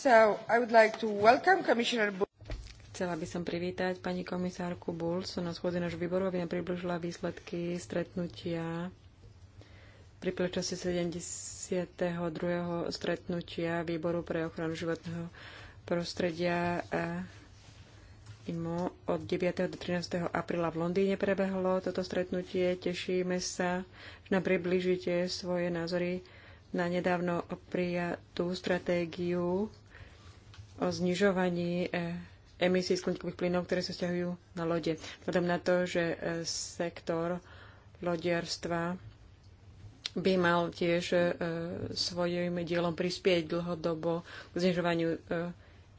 Chcela by som privítať pani komisárku Bulls na schôdzi nášho výboru, aby nám približila výsledky stretnutia pri príležitosti 72. stretnutia výboru pre ochranu životného prostredia eh, IMO od 9. do 13. apríla v Londýne prebehlo toto stretnutie. Tešíme sa, že nám približíte svoje názory na nedávno prijatú stratégiu o znižovaní e, emisí skleníkových plynov, ktoré sa stiahujú na lode. Vzhľadom na to, že e, sektor lodiarstva by mal tiež e, svojim dielom prispieť dlhodobo k znižovaniu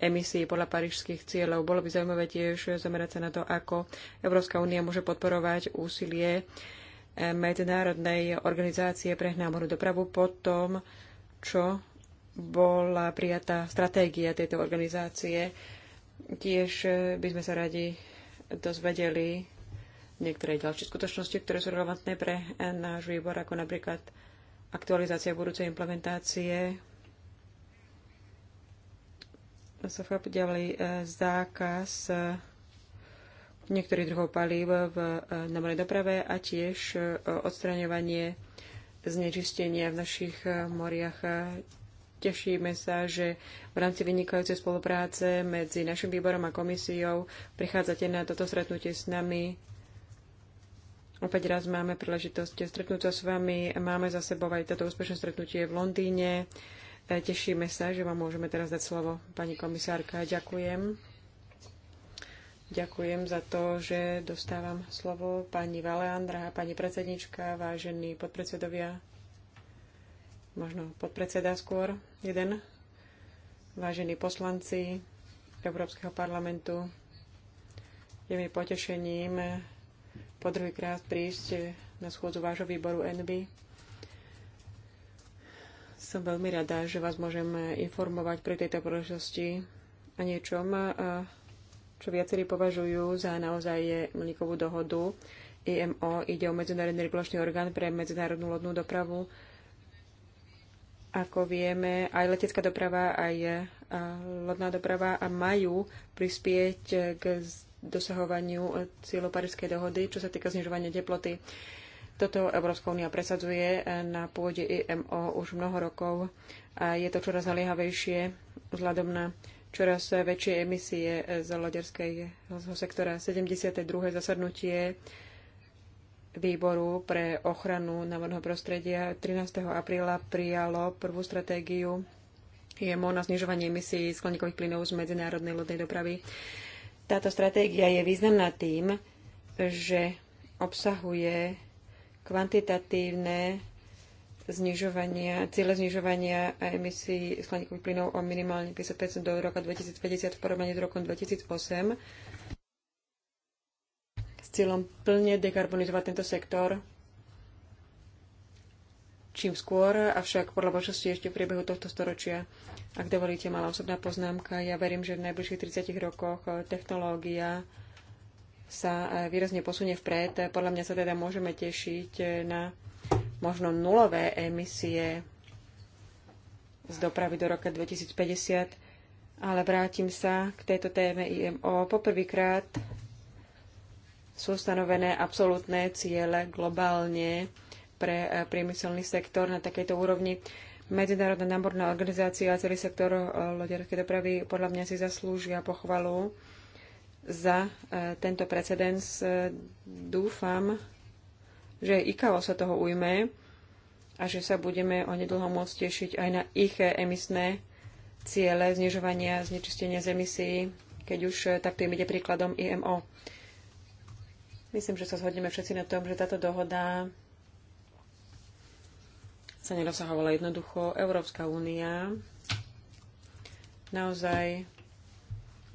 emisí podľa parížských cieľov. Bolo by zaujímavé tiež zamerať sa na to, ako Európska únia môže podporovať úsilie Medzinárodnej organizácie pre námornú dopravu po tom, čo bola prijatá stratégia tejto organizácie. Tiež eh, by sme sa radi dozvedeli niektoré ďalšie skutočnosti, ktoré sú relevantné pre eh, náš výbor, ako napríklad aktualizácia budúcej implementácie sa ďalej eh, zákaz niektorých druhov palív v námornej doprave a tiež odstraňovanie znečistenia v našich moriach Tešíme sa, že v rámci vynikajúcej spolupráce medzi našim výborom a komisiou prichádzate na toto stretnutie s nami. Opäť raz máme príležitosť stretnúť sa s vami. Máme za sebou aj toto úspešné stretnutie v Londýne. E, tešíme sa, že vám môžeme teraz dať slovo. Pani komisárka, ďakujem. Ďakujem za to, že dostávam slovo pani Valean, drahá pani predsednička, vážení podpredsedovia možno podpredseda skôr, jeden, vážení poslanci Európskeho parlamentu. Je mi potešením po druhýkrát prísť na schôdzu vášho výboru NB. Som veľmi rada, že vás môžem informovať pri tejto príležitosti O niečom, čo viacerí považujú za naozaj je mlíkovú dohodu. IMO ide o Medzinárodný regulačný orgán pre medzinárodnú lodnú dopravu ako vieme, aj letecká doprava, aj eh, lodná doprava a majú prispieť k dosahovaniu eh, cieľov Parískej dohody, čo sa týka znižovania teploty. Toto Európska únia presadzuje eh, na pôde IMO už mnoho rokov a je to čoraz naliehavejšie vzhľadom na čoraz väčšie emisie z loďarského sektora. 72. zasadnutie výboru pre ochranu námorného prostredia 13. apríla prijalo prvú stratégiu IMO na znižovanie emisí skleníkových plynov z medzinárodnej lodnej dopravy. Táto stratégia je významná tým, že obsahuje kvantitatívne znižovania, cieľe znižovania emisí skleníkových plynov o minimálne 55 do roka 2050 v porovnaní s rokom 2008 cieľom plne dekarbonizovať tento sektor čím skôr, avšak podľa možnosti ešte v priebehu tohto storočia. Ak dovolíte, malá osobná poznámka. Ja verím, že v najbližších 30 rokoch eh, technológia sa eh, výrazne posunie vpred. Podľa mňa sa teda môžeme tešiť eh, na možno nulové emisie z dopravy do roka 2050, ale vrátim sa k tejto téme IMO. Poprvýkrát sú stanovené absolútne ciele globálne pre eh, priemyselný sektor na takejto úrovni. Medzinárodná námorná organizácia a celý sektor eh, loďarskej dopravy podľa mňa si zaslúžia pochvalu za eh, tento precedens. Dúfam, že ICAO sa toho ujme a že sa budeme o nedlho môcť tešiť aj na ich emisné ciele znižovania znečistenia z emisí, keď už takto im ide príkladom IMO. Myslím, že sa zhodneme všetci na tom, že táto dohoda sa nedosahovala jednoducho. Európska únia naozaj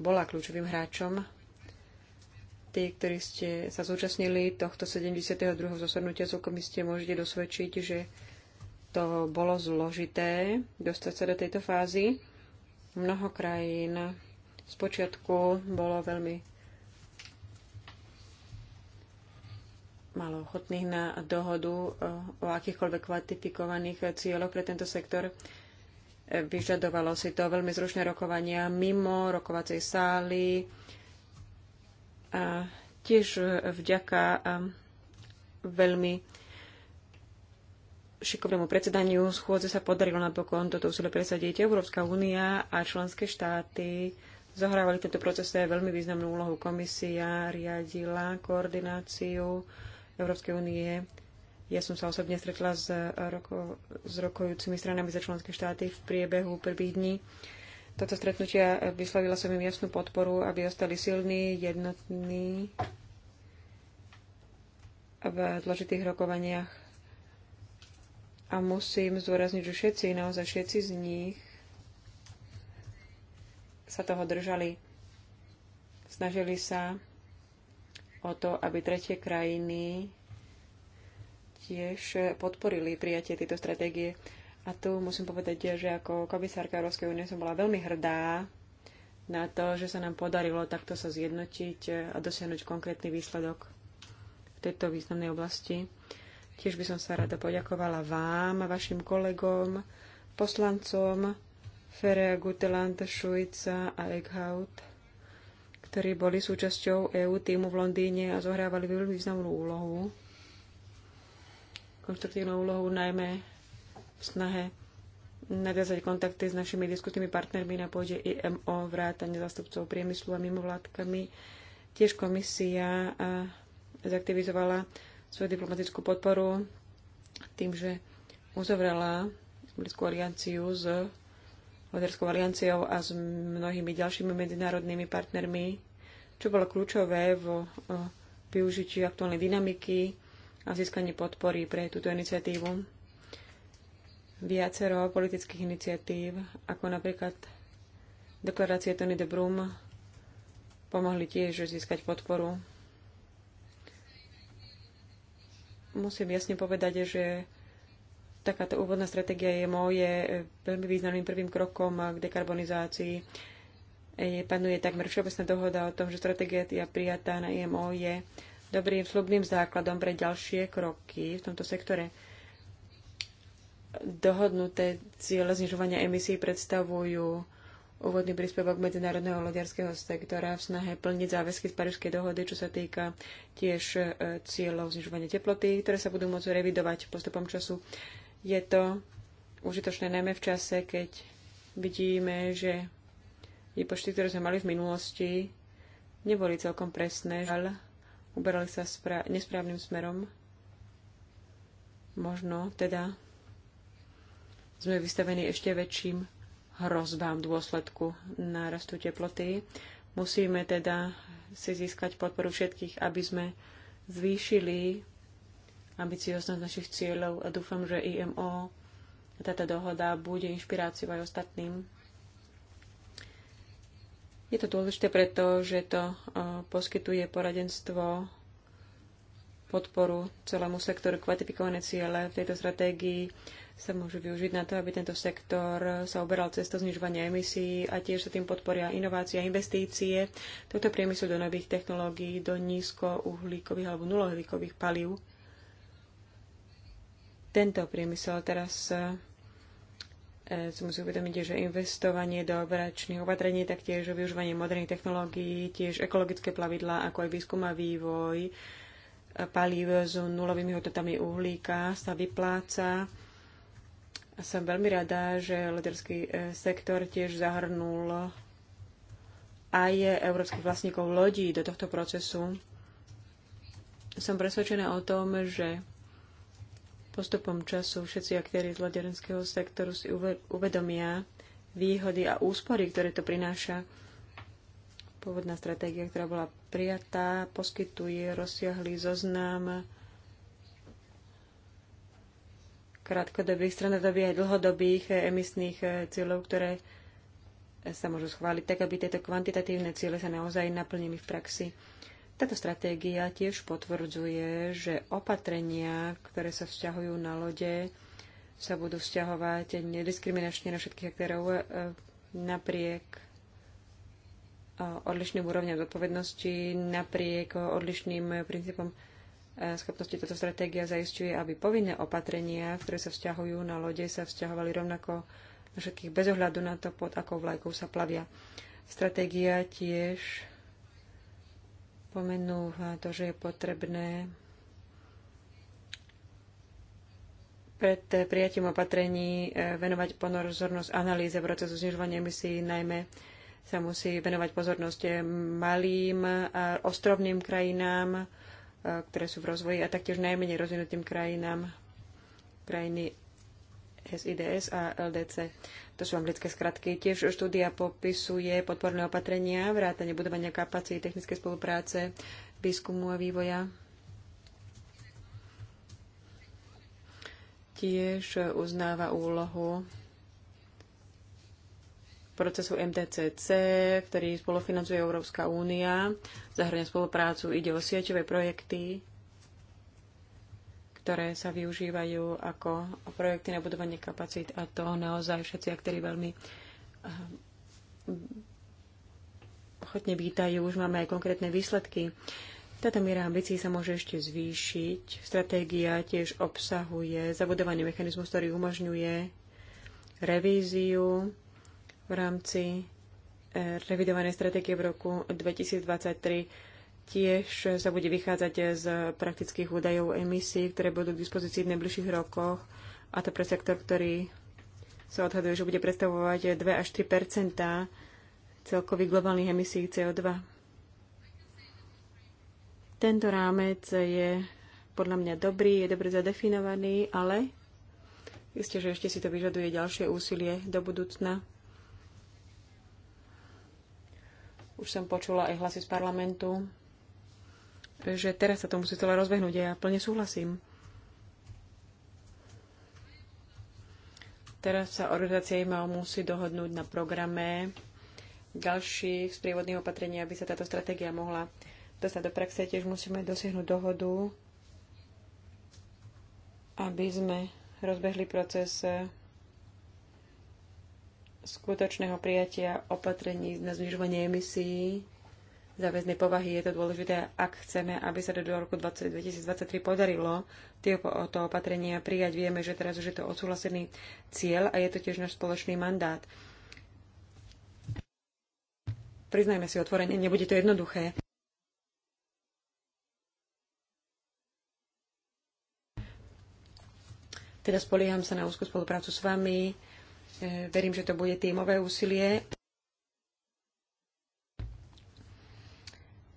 bola kľúčovým hráčom. Tí, ktorí ste sa zúčastnili tohto 72. zosadnutia z komisie, môžete dosvedčiť, že to bolo zložité dostať sa do tejto fázy. Mnoho krajín zpočiatku bolo veľmi malo ochotných na dohodu e, o akýchkoľvek kvantifikovaných cieľoch pre tento sektor. E, vyžadovalo si to veľmi zrušné rokovania mimo rokovacej sály a tiež vďaka e, veľmi šikovnému predsedaniu schôdze sa podarilo napokon toto úsilie presadiť. Európska únia a členské štáty zohrávali v tomto procese veľmi významnú úlohu. Komisia riadila koordináciu Európskej únie. Ja som sa osobne stretla s, roko, s rokujúcimi stranami za členské štáty v priebehu prvých dní. Toto stretnutia vyslovila som im jasnú podporu, aby ostali silní, jednotní v dôležitých rokovaniach. A musím zdôrazniť, že všetci, naozaj všetci z nich sa toho držali. Snažili sa o to, aby tretie krajiny tiež podporili prijatie tejto stratégie. A tu musím povedať, že ako komisárka Európskej únie som bola veľmi hrdá na to, že sa nám podarilo takto sa zjednotiť a dosiahnuť konkrétny výsledok v tejto významnej oblasti. Tiež by som sa rada poďakovala vám, vašim kolegom, poslancom Ferea Guteland, Šujca a Eckhout ktorí boli súčasťou EU týmu v Londýne a zohrávali veľmi významnú úlohu, konštruktívnu úlohu najmä v snahe nadviazať kontakty s našimi diskusnými partnermi na pôde IMO, vrátane zastupcov priemyslu a mimovládkami. Tiež komisia zaktivizovala svoju diplomatickú podporu tým, že uzavrela blízku alianciu s Maďarskou alianciou a s mnohými ďalšími medzinárodnými partnermi, čo bolo kľúčové v eh, využití aktuálnej dynamiky a získaní podpory pre túto iniciatívu. Viacero politických iniciatív, ako napríklad deklarácie Tony de Brum, pomohli tiež získať podporu. Musím jasne povedať, že Takáto úvodná stratégia je moje e, veľmi významným prvým krokom k dekarbonizácii. E, panuje takmer všeobecná dohoda o tom, že stratégia prijatá na IMO je dobrým slubným základom pre ďalšie kroky v tomto sektore. Dohodnuté ciele znižovania emisí predstavujú úvodný príspevok medzinárodného lodiarského sektora v snahe plniť záväzky z Parížskej dohody, čo sa týka tiež e, cieľov znižovania teploty, ktoré sa budú môcť revidovať postupom času. Je to užitočné najmä v čase, keď vidíme, že výpočty, ktoré sme mali v minulosti, neboli celkom presné, ale uberali sa nesprávnym smerom. Možno teda sme vystavení ešte väčším hrozbám v dôsledku nárastu teploty. Musíme teda si získať podporu všetkých, aby sme zvýšili ambicioznosť našich cieľov a dúfam, že IMO táto dohoda bude inšpiráciou aj ostatným. Je to dôležité preto, že to poskytuje poradenstvo, podporu celému sektoru. Kvalifikované ciele v tejto stratégii sa môžu využiť na to, aby tento sektor sa oberal cestou znižovania emisí a tiež sa tým podporia inovácie a investície tohto priemyslu do nových technológií, do nízkouhlíkových alebo nulohlíkových palív tento priemysel. Teraz e, e, si musí uvedomiť, že investovanie do operačných opatrení, taktiež využívanie moderných technológií, tiež ekologické plavidla, ako aj výskum a vývoj e, palív s nulovými hodnotami uhlíka sa vypláca. A som veľmi rada, že lederský sektor tiež zahrnul aj európskych vlastníkov lodí do tohto procesu. Som presvedčená o tom, že Postupom času všetci aktéry z laderenského sektoru si uvedomia výhody a úspory, ktoré to prináša. Pôvodná stratégia, ktorá bola prijatá, poskytuje rozsiahlý zoznam krátkodobých, stranodobých a dlhodobých emisných cieľov, ktoré sa môžu schváliť tak, aby tieto kvantitatívne ciele sa naozaj naplnili v praxi. Táto stratégia tiež potvrdzuje, že opatrenia, ktoré sa vzťahujú na lode, sa budú vzťahovať nediskriminačne na všetkých aktérov e, napriek e, odlišným úrovňom zodpovednosti, napriek odlišným princípom e, schopnosti táto stratégia zaistuje, aby povinné opatrenia, ktoré sa vzťahujú na lode, sa vzťahovali rovnako na všetkých bez ohľadu na to, pod akou vlajkou sa plavia. Stratégia tiež spomenúva to, že je potrebné pred prijatím opatrení eh, venovať pozornosť analýze procesu znižovania emisí, najmä sa musí venovať pozornosť eh, malým a ostrovným krajinám, eh, ktoré sú v rozvoji a taktiež najmenej rozvinutým krajinám krajiny SIDS a LDC to sú anglické skratky. Tiež štúdia popisuje podporné opatrenia, vrátanie budovania kapacity technické spolupráce, výskumu a vývoja. Tiež uznáva úlohu procesu MTCC, ktorý spolufinancuje Európska únia. Zahrania spoluprácu, ide o sieťové projekty, ktoré sa využívajú ako projekty na budovanie kapacít a to naozaj všetci aktéri veľmi eh, ochotne vítajú. Už máme aj konkrétne výsledky. Táto miera ambícií sa môže ešte zvýšiť. Stratégia tiež obsahuje zabudovanie mechanizmu, ktorý umožňuje revíziu v rámci eh, revidovanej stratégie v roku 2023 Tiež sa bude vychádzať z praktických údajov emisí, ktoré budú k dispozícii v najbližších rokoch a to pre sektor, ktorý sa odhaduje, že bude predstavovať 2 až 3 celkových globálnych emisí CO2. Tento rámec je podľa mňa dobrý, je dobre zadefinovaný, ale isté, že ešte si to vyžaduje ďalšie úsilie do budúcna. Už som počula aj hlasy z parlamentu, že teraz sa to musí celé rozbehnúť a ja plne súhlasím. Teraz sa organizácia IMAO musí dohodnúť na programe ďalších sprievodných opatrení, aby sa táto stratégia mohla dostať do praxe. Tiež musíme dosiahnuť dohodu, aby sme rozbehli proces skutočného prijatia opatrení na znižovanie emisí záväznej povahy. Je to dôležité, ak chceme, aby sa do roku 20, 2023 podarilo tieto to opatrenia prijať. Vieme, že teraz už je to odsúhlasený cieľ a je to tiež náš spoločný mandát. Priznajme si otvorenie, nebude to jednoduché. Teda spolieham sa na úzkú spoluprácu s vami. E, verím, že to bude tímové úsilie.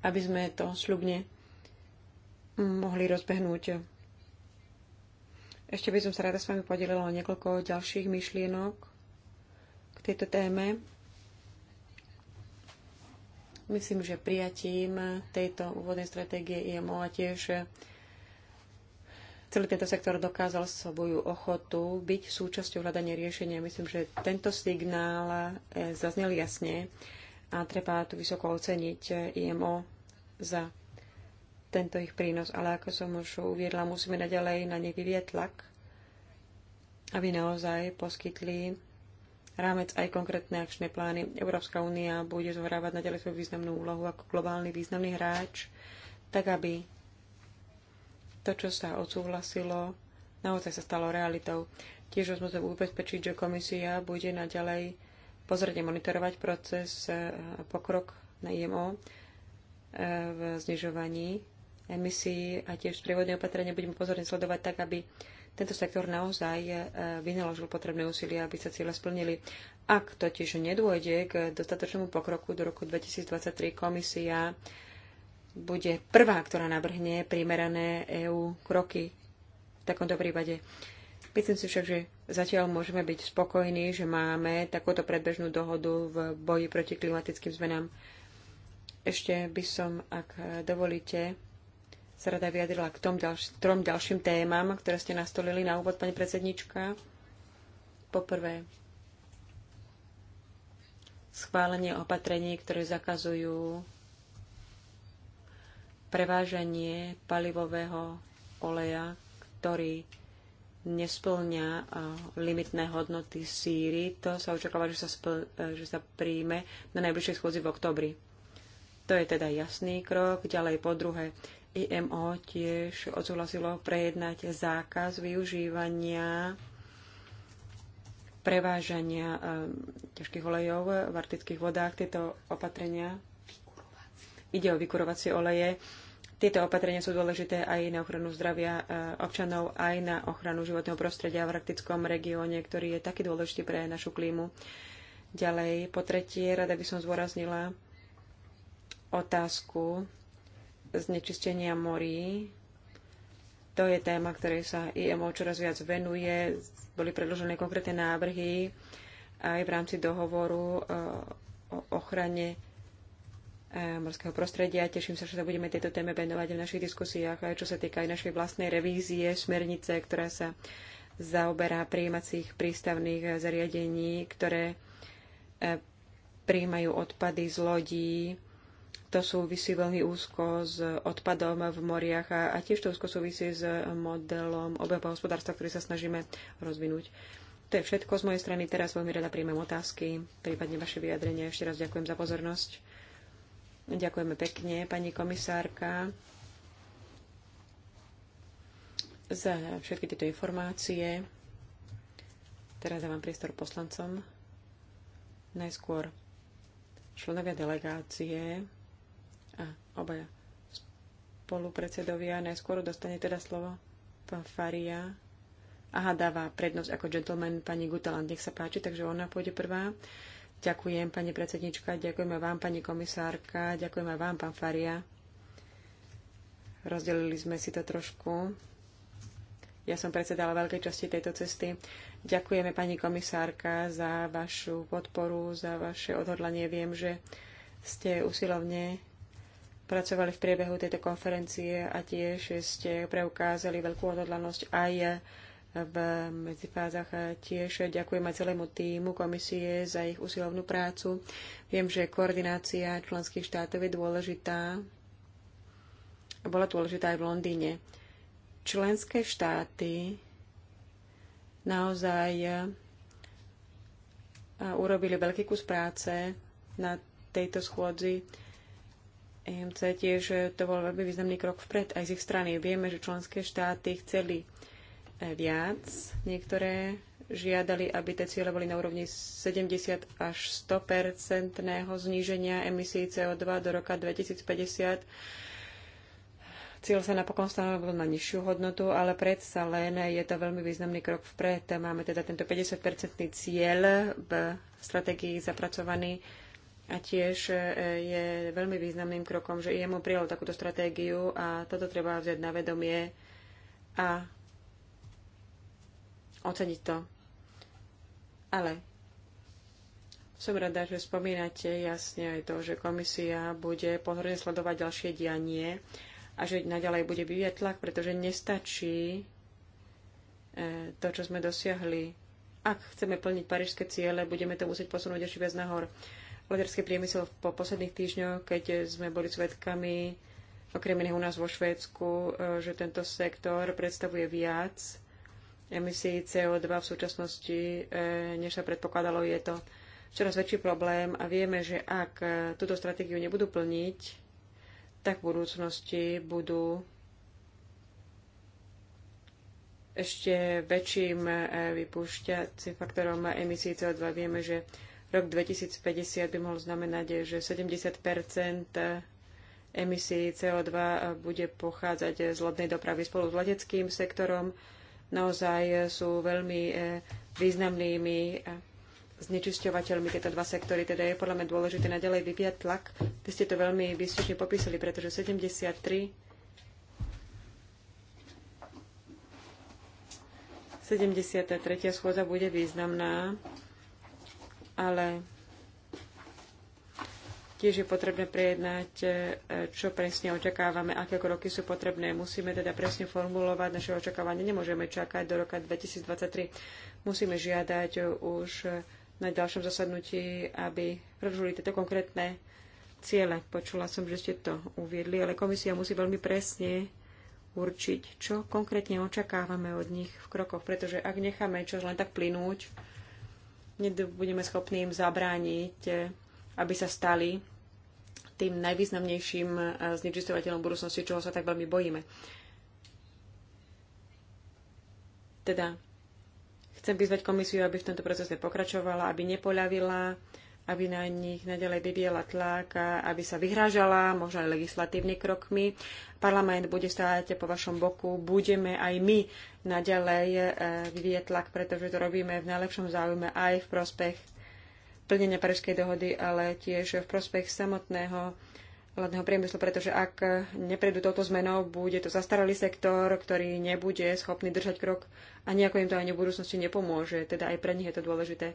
aby sme to sľubne mohli rozbehnúť. Ešte by som sa rada s vami podelila o niekoľko ďalších myšlienok k tejto téme. Myslím, že prijatím tejto úvodnej stratégie IMO a tiež celý tento sektor dokázal svoju ochotu byť súčasťou hľadania riešenia. Myslím, že tento signál zaznel jasne a treba tu vysoko oceniť eh, IMO za tento ich prínos. Ale ako som už uviedla, musíme naďalej na ne vyvieť tlak, aby naozaj poskytli rámec aj konkrétne akčné plány. Európska únia bude zohrávať naďalej svoju významnú úlohu ako globálny významný hráč, tak aby to, čo sa odsúhlasilo, naozaj sa stalo realitou. Tiež sme sa ubezpečiť, že komisia bude naďalej pozorne monitorovať proces e, a pokrok na IMO e, v znižovaní emisí a tiež prievodné opatrenia budeme pozorne sledovať tak, aby tento sektor naozaj e, vynaložil potrebné úsilie, aby sa cieľa splnili. Ak totiž nedôjde k dostatočnému pokroku do roku 2023, komisia bude prvá, ktorá nabrhne primerané EÚ kroky v takomto prípade. Myslím si však, že zatiaľ môžeme byť spokojní, že máme takúto predbežnú dohodu v boji proti klimatickým zmenám. Ešte by som, ak dovolíte, sa rada vyjadrila k tom ďalš- trom ďalším témam, ktoré ste nastolili na úvod, pani predsednička. Poprvé, schválenie opatrení, ktoré zakazujú prevážanie palivového oleja, ktorý nesplňa e, limitné hodnoty síry. To sa očakáva, že sa, spl- e, že sa príjme na najbližšej schôdzi v oktobri. To je teda jasný krok. Ďalej po druhé, IMO tiež odsúhlasilo prejednať zákaz využívania prevážania e, ťažkých olejov v arktických vodách. Tieto opatrenia ide o vykurovacie oleje tieto opatrenia sú dôležité aj na ochranu zdravia e, občanov, aj na ochranu životného prostredia v arktickom regióne, ktorý je taký dôležitý pre našu klímu. Ďalej, po tretie, rada by som zvoraznila otázku znečistenia morí. To je téma, ktorej sa IMO čoraz viac venuje. Boli predložené konkrétne návrhy aj v rámci dohovoru e, o ochrane E, morského prostredia. Teším sa, že sa budeme tejto téme venovať v našich diskusiách, aj čo sa týka aj našej vlastnej revízie, smernice, ktorá sa zaoberá prijímacích prístavných zariadení, ktoré e, prijímajú odpady z lodí. To súvisí veľmi úzko s odpadom v moriach a, tiež to úzko súvisí s modelom obehového hospodárstva, ktorý sa snažíme rozvinúť. To je všetko z mojej strany. Teraz veľmi rada príjmem otázky, prípadne vaše vyjadrenie. Ešte raz ďakujem za pozornosť. Ďakujeme pekne, pani komisárka, za všetky tieto informácie. Teraz dávam priestor poslancom. Najskôr členovia delegácie a obaja spolupredsedovia. Najskôr dostane teda slovo pán Faria. Aha, dáva prednosť ako gentleman pani Gutaland. Nech sa páči, takže ona pôjde prvá. Uh, Ďakujem, pani predsednička, ďakujeme vám, pani komisárka, ďakujeme vám, pán Faria. Rozdelili sme si to trošku. Ja som predsedala veľkej časti tejto cesty. Ďakujeme, pani komisárka, za vašu podporu, za vaše odhodlanie. Viem, že ste usilovne pracovali v priebehu tejto konferencie a tiež ste preukázali veľkú odhodlanosť aj v medzifázach tiež ďakujem aj celému týmu komisie za ich usilovnú prácu. Viem, že koordinácia členských štátov je dôležitá. a Bola dôležitá aj v Londýne. Členské štáty naozaj e, urobili veľký kus práce na tejto schôdzi. EMC tiež e, to bol veľmi významný krok vpred aj z ich strany. Vieme, že členské štáty chceli viac. Niektoré žiadali, aby tie ciele boli na úrovni 70 až 100 zníženia emisí CO2 do roka 2050. Cieľ sa napokon stanovil na nižšiu hodnotu, ale predsa len je to veľmi významný krok vpred. Máme teda tento 50-percentný cieľ v stratégii zapracovaný a tiež e, je veľmi významným krokom, že IMO prijalo takúto stratégiu a toto treba vziať na vedomie a oceniť to. Ale som rada, že spomínate jasne aj to, že komisia bude pozorne sledovať ďalšie dianie a že naďalej bude vyvíjať tlak, pretože nestačí e, to, čo sme dosiahli. Ak chceme plniť parížské ciele, budeme to musieť posunúť ešte viac nahor. Loďarský priemysel po posledných týždňoch, keď sme boli svetkami, okrem iného u nás vo Švédsku, e, že tento sektor predstavuje viac emisí CO2 v súčasnosti, e, než sa predpokladalo, je to čoraz väčší problém a vieme, že ak túto stratégiu nebudú plniť, tak v budúcnosti budú ešte väčším e, vypúšťacím faktorom emisí CO2. Vieme, že rok 2050 by mohol znamenať, že 70 emisí CO2 bude pochádzať z lodnej dopravy spolu s leteckým sektorom naozaj sú veľmi e, významnými e, znečisťovateľmi tieto dva sektory, teda je podľa mňa dôležité naďalej vyvíjať tlak. Vy ste to veľmi výstižne popísali, pretože 73 73. schôdza bude významná, ale Tiež je potrebné prejednať, e, čo presne očakávame, aké kroky sú potrebné. Musíme teda presne formulovať naše očakávanie. Nemôžeme čakať do roka 2023. Musíme žiadať už na ďalšom zasadnutí, aby predložili tieto konkrétne ciele. Počula som, že ste to uviedli, ale komisia musí veľmi presne určiť, čo konkrétne očakávame od nich v krokoch, pretože ak necháme čo len tak plynúť, nebudeme schopní im zabrániť e, aby sa stali tým najvýznamnejším eh, znečistovateľom budúcnosti, čoho sa tak veľmi bojíme. Teda chcem vyzvať komisiu, aby v tomto procese pokračovala, aby nepoľavila, aby na nich nadalej vyviela tlak, aby sa vyhrážala, možno aj legislatívne krokmi. Parlament bude stáť po vašom boku, budeme aj my naďalej eh, vyvieť tlak, pretože to robíme v najlepšom záujme aj v prospech plnenia Parížskej dohody, ale tiež v prospech samotného hlavného priemyslu, pretože ak neprejdú touto zmenou, bude to zastaralý sektor, ktorý nebude schopný držať krok a nejako im to ani v budúcnosti nepomôže. Teda aj pre nich je to dôležité.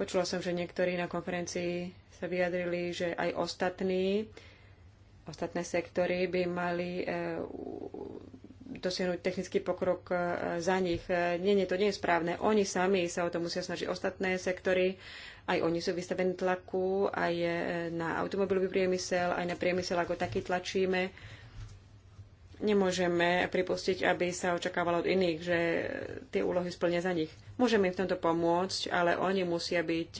Počula som, že niektorí na konferencii sa vyjadrili, že aj ostatní, ostatné sektory by mali e, dosiahnuť technický pokrok e, za nich. E, nie, nie, to nie je správne. Oni sami sa o to musia snažiť. Ostatné sektory, aj oni sú vystavení tlaku, aj e, na automobilový priemysel, aj na priemysel ako taký tlačíme. Nemôžeme pripustiť, aby sa očakávalo od iných, že tie úlohy splnia za nich. Môžeme im v tomto pomôcť, ale oni musia byť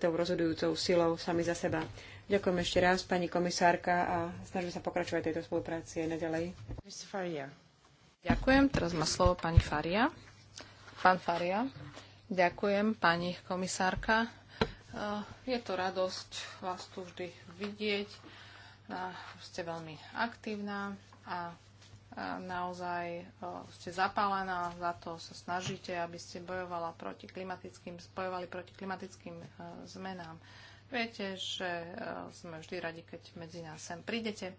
tou rozhodujúcou silou sami za seba. Ďakujem ešte raz, pani komisárka, a snažím sa pokračovať tejto spolupráci aj naďalej. Ďakujem. Teraz má slovo pani Faria. Pán Faria. Ďakujem, pani komisárka. Eh, je to radosť vás tu vždy vidieť. Ste veľmi aktívna a naozaj eh, ste zapálená, za to sa snažíte, aby ste bojovala proti klimatickým, bojovali proti klimatickým eh, zmenám. Viete, že eh, sme vždy radi, keď medzi nás sem prídete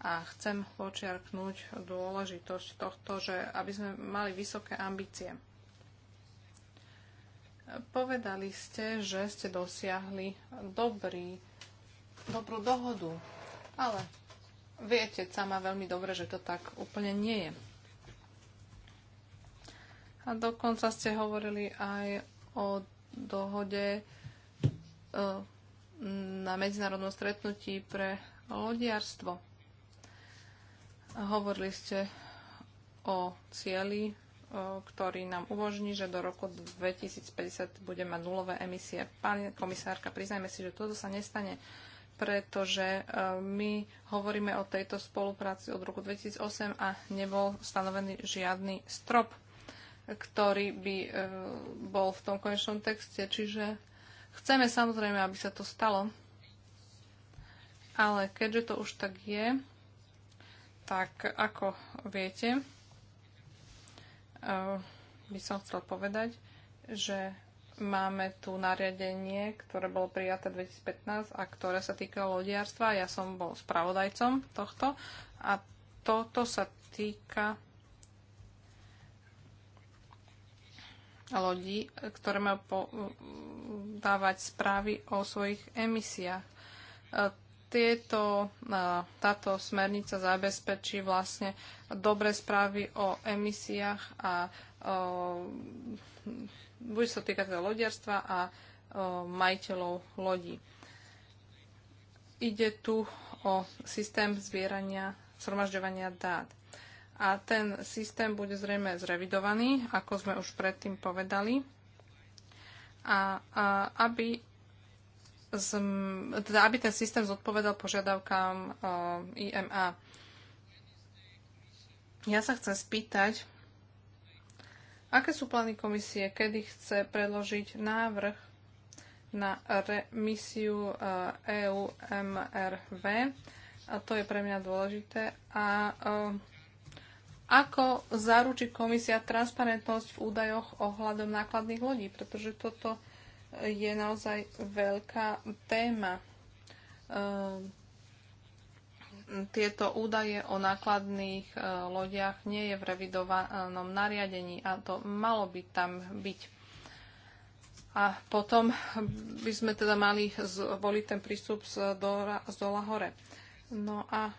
a chcem počiarknúť dôležitosť tohto, že aby sme mali vysoké ambície. Povedali ste, že ste dosiahli dobrý, dobrú dohodu, ale viete sama veľmi dobre, že to tak úplne nie je. A dokonca ste hovorili aj o dohode eh, na medzinárodnom stretnutí pre lodiarstvo. Hovorili ste o cieli, ktorý nám umožní, že do roku 2050 bude mať nulové emisie. Pani komisárka, priznajme si, že toto sa nestane, pretože e, my hovoríme o tejto spolupráci od roku 2008 a nebol stanovený žiadny strop, ktorý by e, bol v tom konečnom texte. Čiže Chceme samozrejme, aby sa to stalo, ale keďže to už tak je, tak ako viete, eh, by som chcel povedať, že máme tu nariadenie, ktoré bolo prijaté 2015 a ktoré sa týkalo lodiarstva. Ja som bol spravodajcom tohto a toto sa týka lodí, ktoré majú dávať správy o svojich emisiách. E, tieto, e, táto smernica zabezpečí vlastne dobré správy o emisiách a e, bude sa týkať teda lodiarstva a majiteľov lodí. Ide tu o systém zbierania, zhromažďovania dát a ten systém bude zrejme zrevidovaný, ako sme už predtým povedali. A, a aby, z, teda aby ten systém zodpovedal požiadavkám uh, e, IMA. Ja sa chcem spýtať, aké sú plány komisie, kedy chce predložiť návrh na remisiu EUMRV. E a to je pre mňa dôležité. A uh, ako zaručí komisia transparentnosť v údajoch ohľadom nákladných lodí? Pretože toto je naozaj veľká téma. Ehm, tieto údaje o nákladných e, lodiach nie je v revidovanom nariadení a to malo by tam byť. A potom by sme teda mali zvoliť ten prístup z, z dola hore. No a e,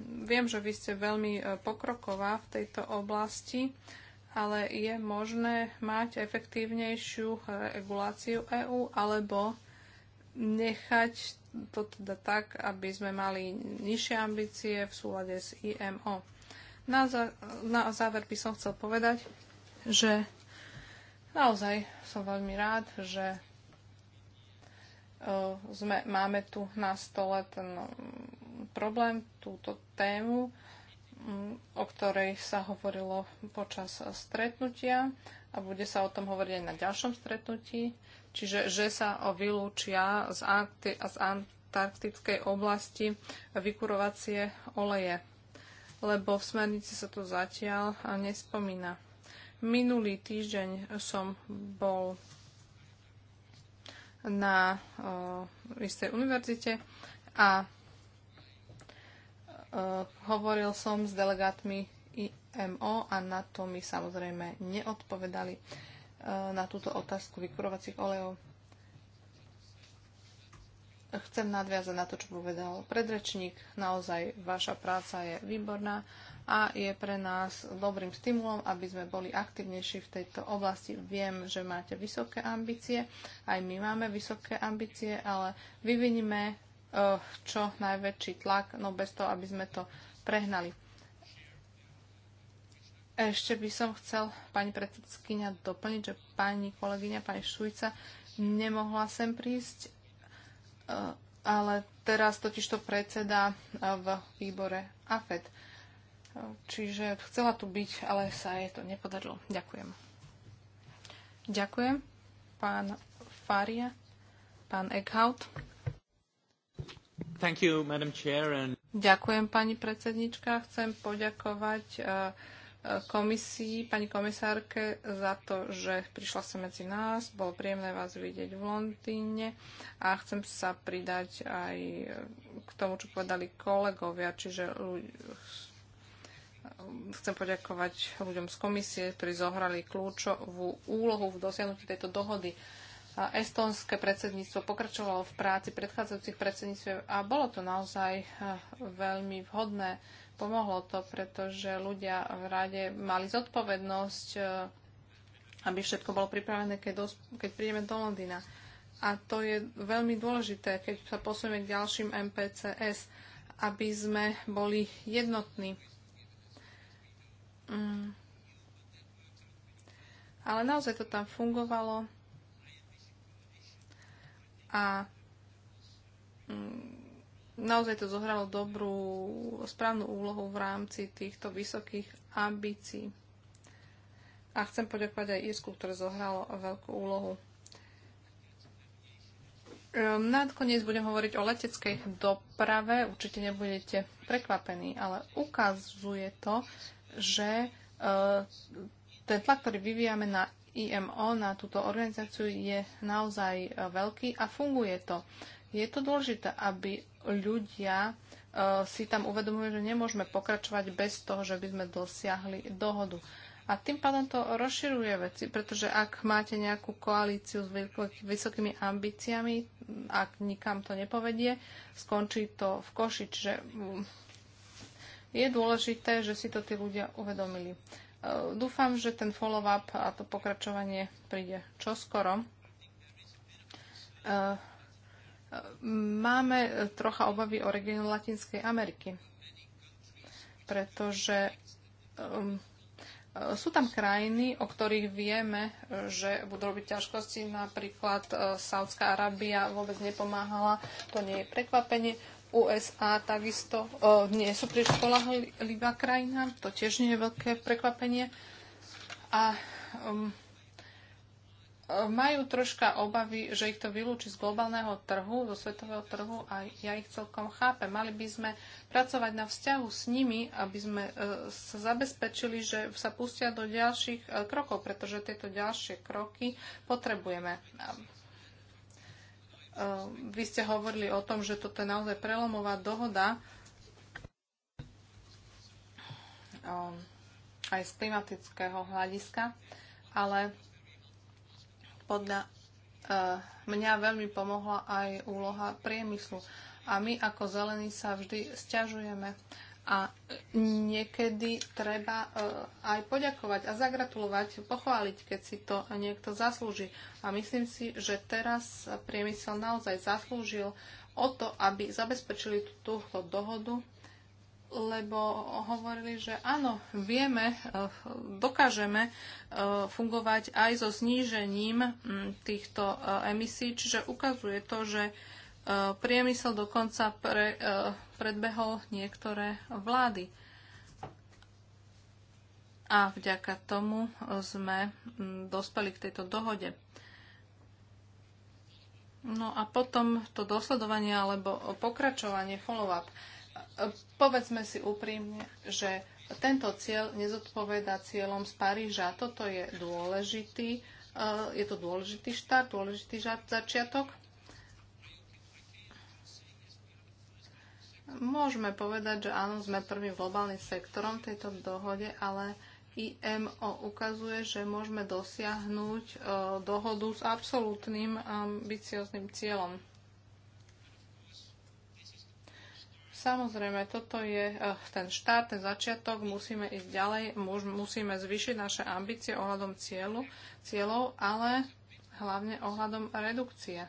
viem, že vy ste veľmi e, pokroková v tejto oblasti, ale je možné mať efektívnejšiu e, reguláciu EÚ alebo nechať to teda tak, aby sme mali nižšie ambície v súlade s IMO. Na, za, na záver by som chcel povedať, že naozaj som veľmi rád, že Eh, sme, máme tu na stole ten mm, problém, túto tému, mm, o ktorej sa hovorilo počas stretnutia a bude sa o tom hovoriť aj na ďalšom stretnutí, čiže že sa vylúčia z, Arkti- z antarktickej oblasti vykurovacie oleje, lebo v smernici sa to zatiaľ nespomína. Minulý týždeň som bol na uh, istej univerzite a uh, hovoril som s delegátmi IMO a na to mi samozrejme neodpovedali uh, na túto otázku vykurovacích olejov. Chcem nadviazať na to, čo povedal predrečník. Naozaj vaša práca je výborná. Uh, a je pre nás dobrým stimulom, aby sme boli aktivnejší v tejto oblasti. Viem, že máte vysoké ambície, aj my máme vysoké ambície, ale vyvinime eh, čo najväčší tlak, no bez toho, aby sme to prehnali. Ešte by som chcel, pani predsedkynia, doplniť, že pani kolegyňa, pani Šujca nemohla sem prísť, eh, ale teraz totiž to predseda eh, v výbore AFED. Čiže chcela tu byť, ale sa jej to nepodarilo. Ďakujem. Ďakujem. Pán Faria, pán Eckhout. Thank you, Madam Chair, and... Ďakujem, pani predsednička. Chcem poďakovať e, e, komisii, pani komisárke, za to, že prišla sa medzi nás. Bolo príjemné vás vidieť v Londýne a chcem sa pridať aj k tomu, čo povedali kolegovia, čiže ľudia, chcem poďakovať ľuďom z komisie, ktorí zohrali kľúčovú úlohu v dosiahnutí tejto dohody. Estónske predsedníctvo pokračovalo v práci predchádzajúcich predsedníctv a bolo to naozaj eh, veľmi vhodné. Pomohlo to, pretože ľudia v rade mali zodpovednosť, eh, aby všetko bolo pripravené, keď, keď prídeme do Londýna. A to je veľmi dôležité, keď sa posunieme k ďalším MPCS, aby sme boli jednotní Mm. Ale naozaj to tam fungovalo. A mm, naozaj to zohralo dobrú, správnu úlohu v rámci týchto vysokých ambícií. A chcem poďakovať aj Irsku, ktoré zohralo veľkú úlohu. Ehm, Nakoniec budem hovoriť o leteckej doprave. Určite nebudete prekvapení, ale ukazuje to, že eh, ten tlak, ktorý vyvíjame na IMO, na túto organizáciu, je naozaj eh, veľký a funguje to. Je to dôležité, aby ľudia eh, si tam uvedomujú, že nemôžeme pokračovať bez toho, že by sme dosiahli dohodu. A tým pádom to rozširuje veci, pretože ak máte nejakú koalíciu s vysokými ambíciami, ak nikam to nepovedie, skončí to v koši. Čiže mm, je dôležité, že si to tí ľudia uvedomili. E, dúfam, že ten follow-up a to pokračovanie príde čoskoro. E, e, máme trocha obavy o regiónu Latinskej Ameriky, pretože um, sú tam krajiny, o ktorých vieme, že budú robiť ťažkosti. Napríklad Saudská Arábia vôbec nepomáhala, to nie je prekvapenie. USA takisto o, nie sú príliš spolahlivá krajina, to tiež nie je veľké prekvapenie. A um, majú troška obavy, že ich to vylúči z globálneho trhu, zo svetového trhu a ja ich celkom chápem. Mali by sme pracovať na vzťahu s nimi, aby sme uh, sa zabezpečili, že sa pustia do ďalších uh, krokov, pretože tieto ďalšie kroky potrebujeme. Ehm, vy ste hovorili o tom, že toto je naozaj prelomová dohoda ehm, aj z klimatického hľadiska, ale podľa eh, mňa veľmi pomohla aj úloha priemyslu. A my ako zelení sa vždy stiažujeme. A niekedy treba e, aj poďakovať a zagratulovať, pochváliť, keď si to niekto zaslúži. A myslím si, že teraz priemysel naozaj zaslúžil o to, aby zabezpečili túto dohodu, lebo hovorili, že áno, vieme, e, dokážeme e, fungovať aj so znížením týchto emisí, čiže ukazuje to, že E, priemysel dokonca pre, e, predbehol niektoré vlády. A vďaka tomu sme dospeli k tejto dohode. No a potom to dosledovanie alebo pokračovanie, follow-up. E, povedzme si úprimne, že tento cieľ nezodpoveda cieľom z Paríža. Toto je dôležitý, je to dôležitý štart, dôležitý začiatok Môžeme povedať, že áno, sme prvým globálnym sektorom v tejto dohode, ale IMO ukazuje, že môžeme dosiahnuť e, dohodu s absolútnym ambiciozným cieľom. Samozrejme, toto je e, ten štát, ten začiatok, musíme ísť ďalej, môž, musíme zvýšiť naše ambície ohľadom cieľu, cieľov, ale hlavne ohľadom redukcie.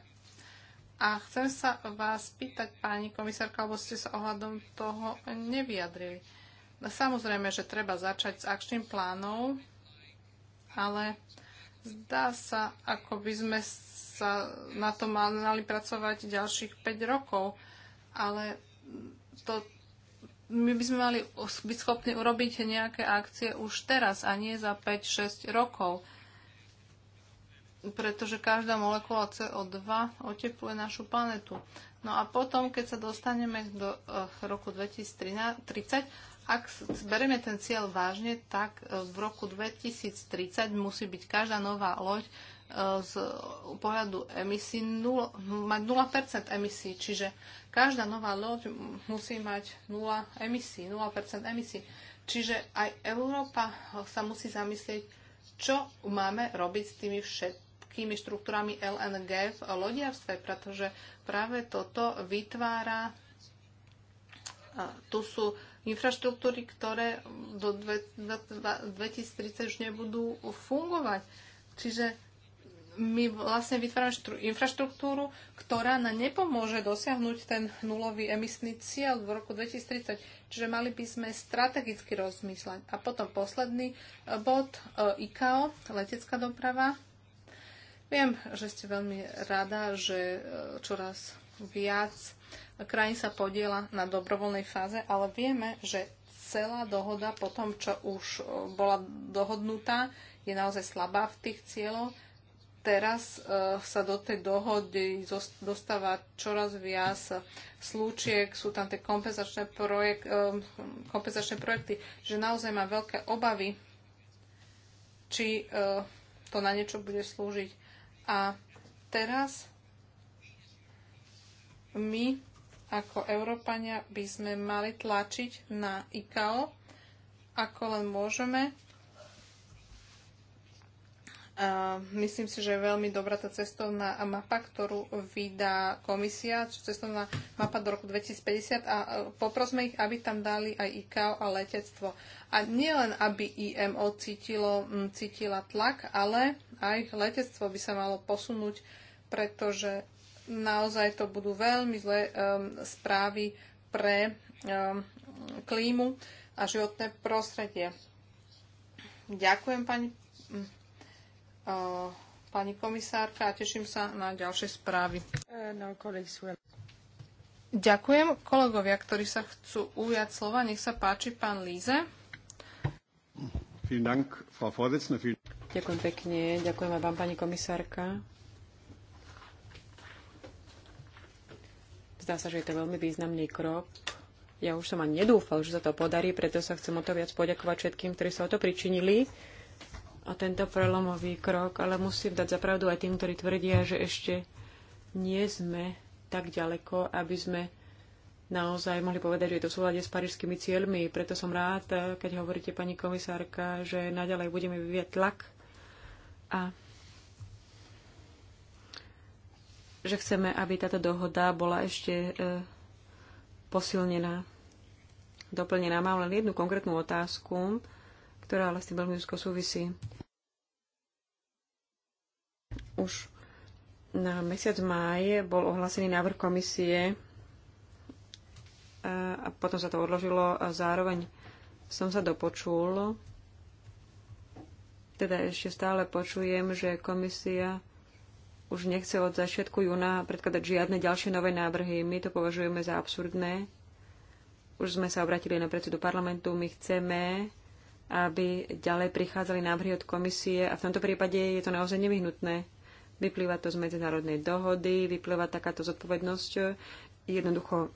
A chcem sa vás pýtať, pani komisárka, alebo ste sa ohľadom toho nevyjadrili. No, samozrejme, že treba začať s akčným plánom, ale zdá sa, ako by sme sa na to mali pracovať ďalších 5 rokov, ale to, my by sme mali byť schopní urobiť nejaké akcie už teraz a nie za 5-6 rokov pretože každá molekula CO2 otepluje našu planetu. No a potom, keď sa dostaneme do eh, roku 2030, ak berieme ten cieľ vážne, tak eh, v roku 2030 musí byť každá nová loď eh, z pohľadu emisí 0, mať 0% emisí, čiže každá nová loď musí mať 0 emisí, 0% emisí. Čiže aj Európa sa musí zamyslieť, čo máme robiť s tými všetkými veľkými štruktúrami LNG v lodiarstve, pretože práve toto vytvára tu sú infraštruktúry, ktoré do 2030 už nebudú fungovať. Čiže my vlastne vytvárame infraštruktúru, ktorá nám nepomôže dosiahnuť ten nulový emisný cieľ v roku 2030. Čiže mali by sme strategicky rozmýšľať. A potom posledný e, bod e, ICAO, letecká doprava. Viem, že ste veľmi rada, že e, čoraz viac krajín sa podiela na dobrovoľnej fáze, ale vieme, že celá dohoda po tom, čo už e, bola dohodnutá, je naozaj slabá v tých cieľoch. Teraz e, sa do tej dohody dostáva čoraz viac slúčiek, sú tam tie kompenzačné, projek- kompenzačné projekty, že naozaj má veľké obavy, či to na niečo bude slúžiť. A teraz my ako Európania by sme mali tlačiť na ICAO, ako len môžeme, a myslím si, že je veľmi dobrá tá cestovná mapa, ktorú vydá komisia, cestovná mapa do roku 2050 a e, poprosme ich, aby tam dali aj ICAO a letectvo. A nielen, aby IMO cítilo, cítila tlak, ale aj letectvo by sa malo posunúť, pretože naozaj to budú veľmi zlé um, správy pre um, klímu a životné prostredie. Ďakujem pani Eh, pani komisárka a teším sa na ďalšie správy. Eh, no, Ďakujem. Kolegovia, ktorí sa chcú ujať slova, nech sa páči pán Líze. Ďakujem pekne. Ďakujem aj vám, pani komisárka. Zdá sa, že je to veľmi významný krok. Ja už som ani nedúfal, že sa to podarí, preto sa chcem o to viac poďakovať všetkým, ktorí sa o to pričinili a tento prelomový krok, ale musím dať zapravdu aj tým, ktorí tvrdia, že ešte nie sme tak ďaleko, aby sme naozaj mohli povedať, že je to v súlade s parížskými cieľmi. Preto som rád, keď hovoríte, pani komisárka, že naďalej budeme vyvieť tlak a že chceme, aby táto dohoda bola ešte e, posilnená, doplnená. Mám len jednu konkrétnu otázku, ktorá ale s tým veľmi úzko súvisí. Už na mesiac máj bol ohlásený návrh komisie a potom sa to odložilo a zároveň som sa dopočul, teda ešte stále počujem, že komisia už nechce od začiatku júna predkladať žiadne ďalšie nové návrhy. My to považujeme za absurdné. Už sme sa obratili na predsedu parlamentu. My chceme, aby ďalej prichádzali návrhy od komisie a v tomto prípade je to naozaj nevyhnutné Vyplýva to z medzinárodnej dohody, vyplýva takáto zodpovednosť. Jednoducho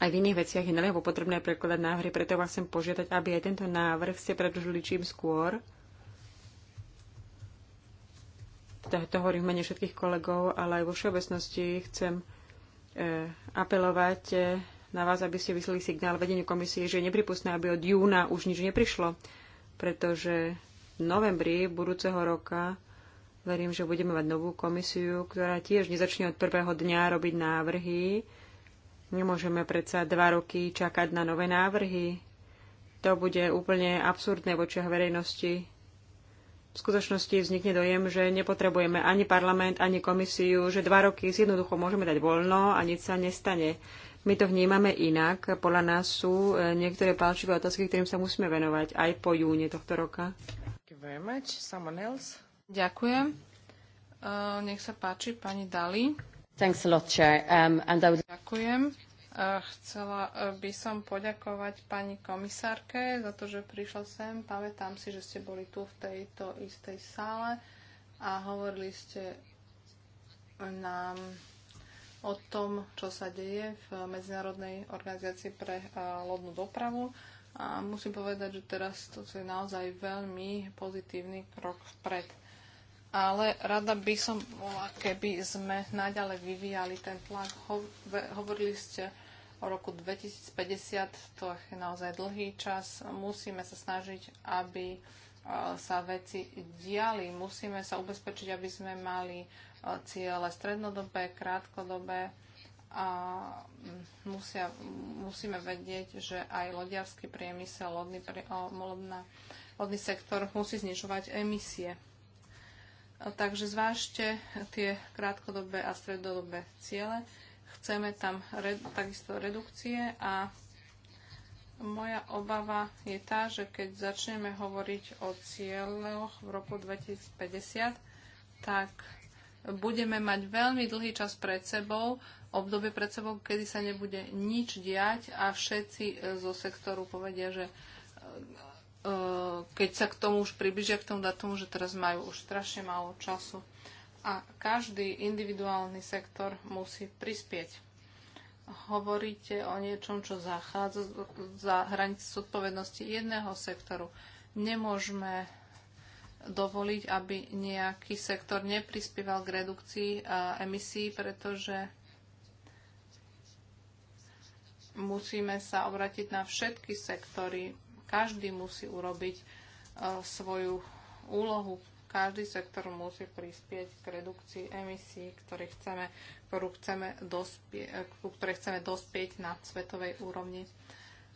aj v iných veciach je naliehavo potrebné prekladať návrhy, preto vás chcem požiadať, aby aj tento návrh ste predlžili čím skôr. To, to hovorím v mene všetkých kolegov, ale aj vo všeobecnosti chcem e, apelovať e, na vás, aby ste vyslali signál vedeniu komisie, že je nepripustné, aby od júna už nič neprišlo, pretože v novembri budúceho roka Verím, že budeme mať novú komisiu, ktorá tiež nezačne od prvého dňa robiť návrhy. Nemôžeme predsa dva roky čakať na nové návrhy. To bude úplne absurdné v očiach verejnosti. V skutočnosti vznikne dojem, že nepotrebujeme ani parlament, ani komisiu, že dva roky si jednoducho môžeme dať voľno a nič sa nestane. My to vnímame inak. Podľa nás sú e, niektoré palčivé otázky, ktorým sa musíme venovať aj po júne tohto roka. Thank you very much. Someone else? Ďakujem. Uh, nech sa páči, pani Dali. Thanks a lot, Chair. Um, and I would... Ďakujem. Uh, chcela e, by som poďakovať pani komisárke za to, že prišla sem. Pamätám si, že ste boli tu v tejto istej sále a hovorili ste nám o tom, čo sa deje v Medzinárodnej organizácii pre uh, lodnú dopravu. A musím povedať, že teraz to je naozaj veľmi pozitívny krok vpred ale rada by som bola, keby sme naďalej vyvíjali ten tlak. Hovorili ste o roku 2050, to je naozaj dlhý čas. Musíme sa snažiť, aby e, sa veci diali. Musíme sa ubezpečiť, aby sme mali e, ciele strednodobé, krátkodobé a mm, musia, musíme vedieť, že aj lodiarský priemysel, lodný, lodná, lodný sektor musí znižovať emisie. Takže zvážte tie krátkodobé a stredodobé ciele. Chceme tam re, takisto redukcie a moja obava je tá, že keď začneme hovoriť o cieľoch v roku 2050, tak budeme mať veľmi dlhý čas pred sebou, obdobie pred sebou, kedy sa nebude nič diať a všetci e, zo sektoru povedia, že e, E, keď sa k tomu už približia k tomu datumu, že teraz majú už strašne málo času a každý individuálny sektor musí prispieť. Hovoríte o niečom, čo zachádza za hranice zodpovednosti jedného sektoru. Nemôžeme dovoliť, aby nejaký sektor neprispieval k redukcii e, emisí, pretože musíme sa obratiť na všetky sektory každý musí urobiť e, svoju úlohu. Každý sektor musí prispieť k redukcii emisí, ktoré chceme, ktorú chceme dospie, ktoré chceme dospieť na svetovej úrovni.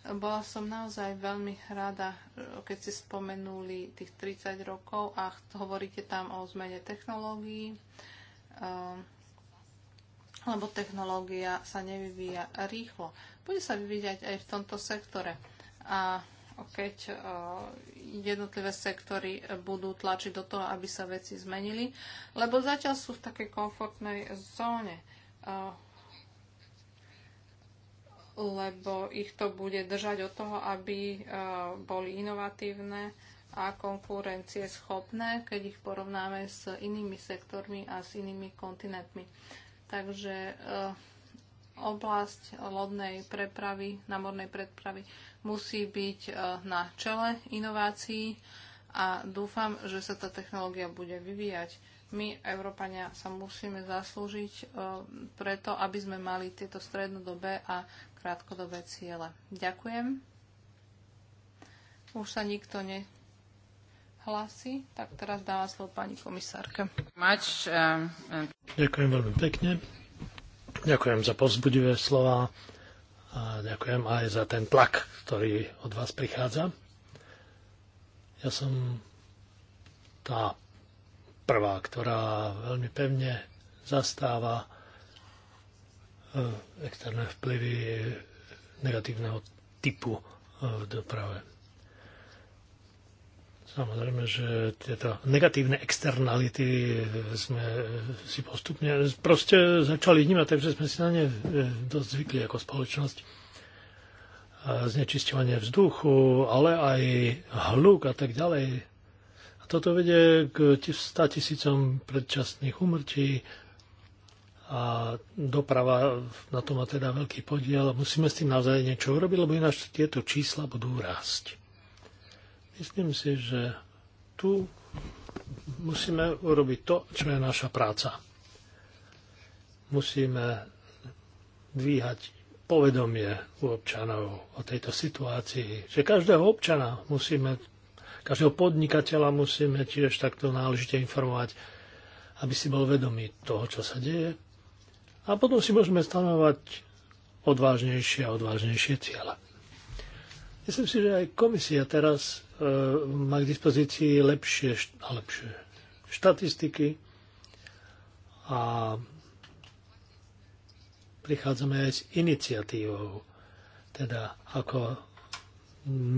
Bola som naozaj veľmi rada, e, keď ste spomenuli tých 30 rokov a hovoríte tam o zmene technológií, e, lebo technológia sa nevyvíja rýchlo. Bude sa vyvíjať aj v tomto sektore. A keď e, jednotlivé sektory budú tlačiť do toho, aby sa veci zmenili, lebo zatiaľ sú v takej komfortnej zóne, e, lebo ich to bude držať od toho, aby e, boli inovatívne a konkurencie schopné, keď ich porovnáme s inými sektormi a s inými kontinentmi. Takže oblasť lodnej prepravy, námornej prepravy musí byť e, na čele inovácií a dúfam, že sa tá technológia bude vyvíjať. My, Európania, sa musíme zaslúžiť e, preto, aby sme mali tieto strednodobé a krátkodobé ciele. Ďakujem. Už sa nikto ne, hlási, tak teraz dáva slovo pani komisárke. Um, um, Ďakujem veľmi pekne. Ďakujem za povzbudivé slova a ďakujem aj za ten tlak, ktorý od vás prichádza. Ja som tá prvá, ktorá veľmi pevne zastáva e, externé vplyvy negatívneho typu e, v doprave. Samozrejme, že tieto negatívne externality sme si postupne proste začali vnímať, takže sme si na ne e, dosť zvykli ako spoločnosť. Znečisťovanie vzduchu, ale aj hluk a tak ďalej. A toto vedie k 100 tisícom predčasných umrtí a doprava na to má teda veľký podiel. Musíme s tým naozaj niečo urobiť, lebo ináč tieto čísla budú rásť. Myslím si, že tu musíme urobiť to, čo je naša práca. Musíme dvíhať povedomie u občanov o tejto situácii, že každého občana musíme, každého podnikateľa musíme tiež takto náležite informovať, aby si bol vedomý toho, čo sa deje. A potom si môžeme stanovať odvážnejšie a odvážnejšie cieľa. Myslím si, že aj komisia teraz má k dispozícii lepšie, a no, lepšie štatistiky a prichádzame aj s iniciatívou, teda ako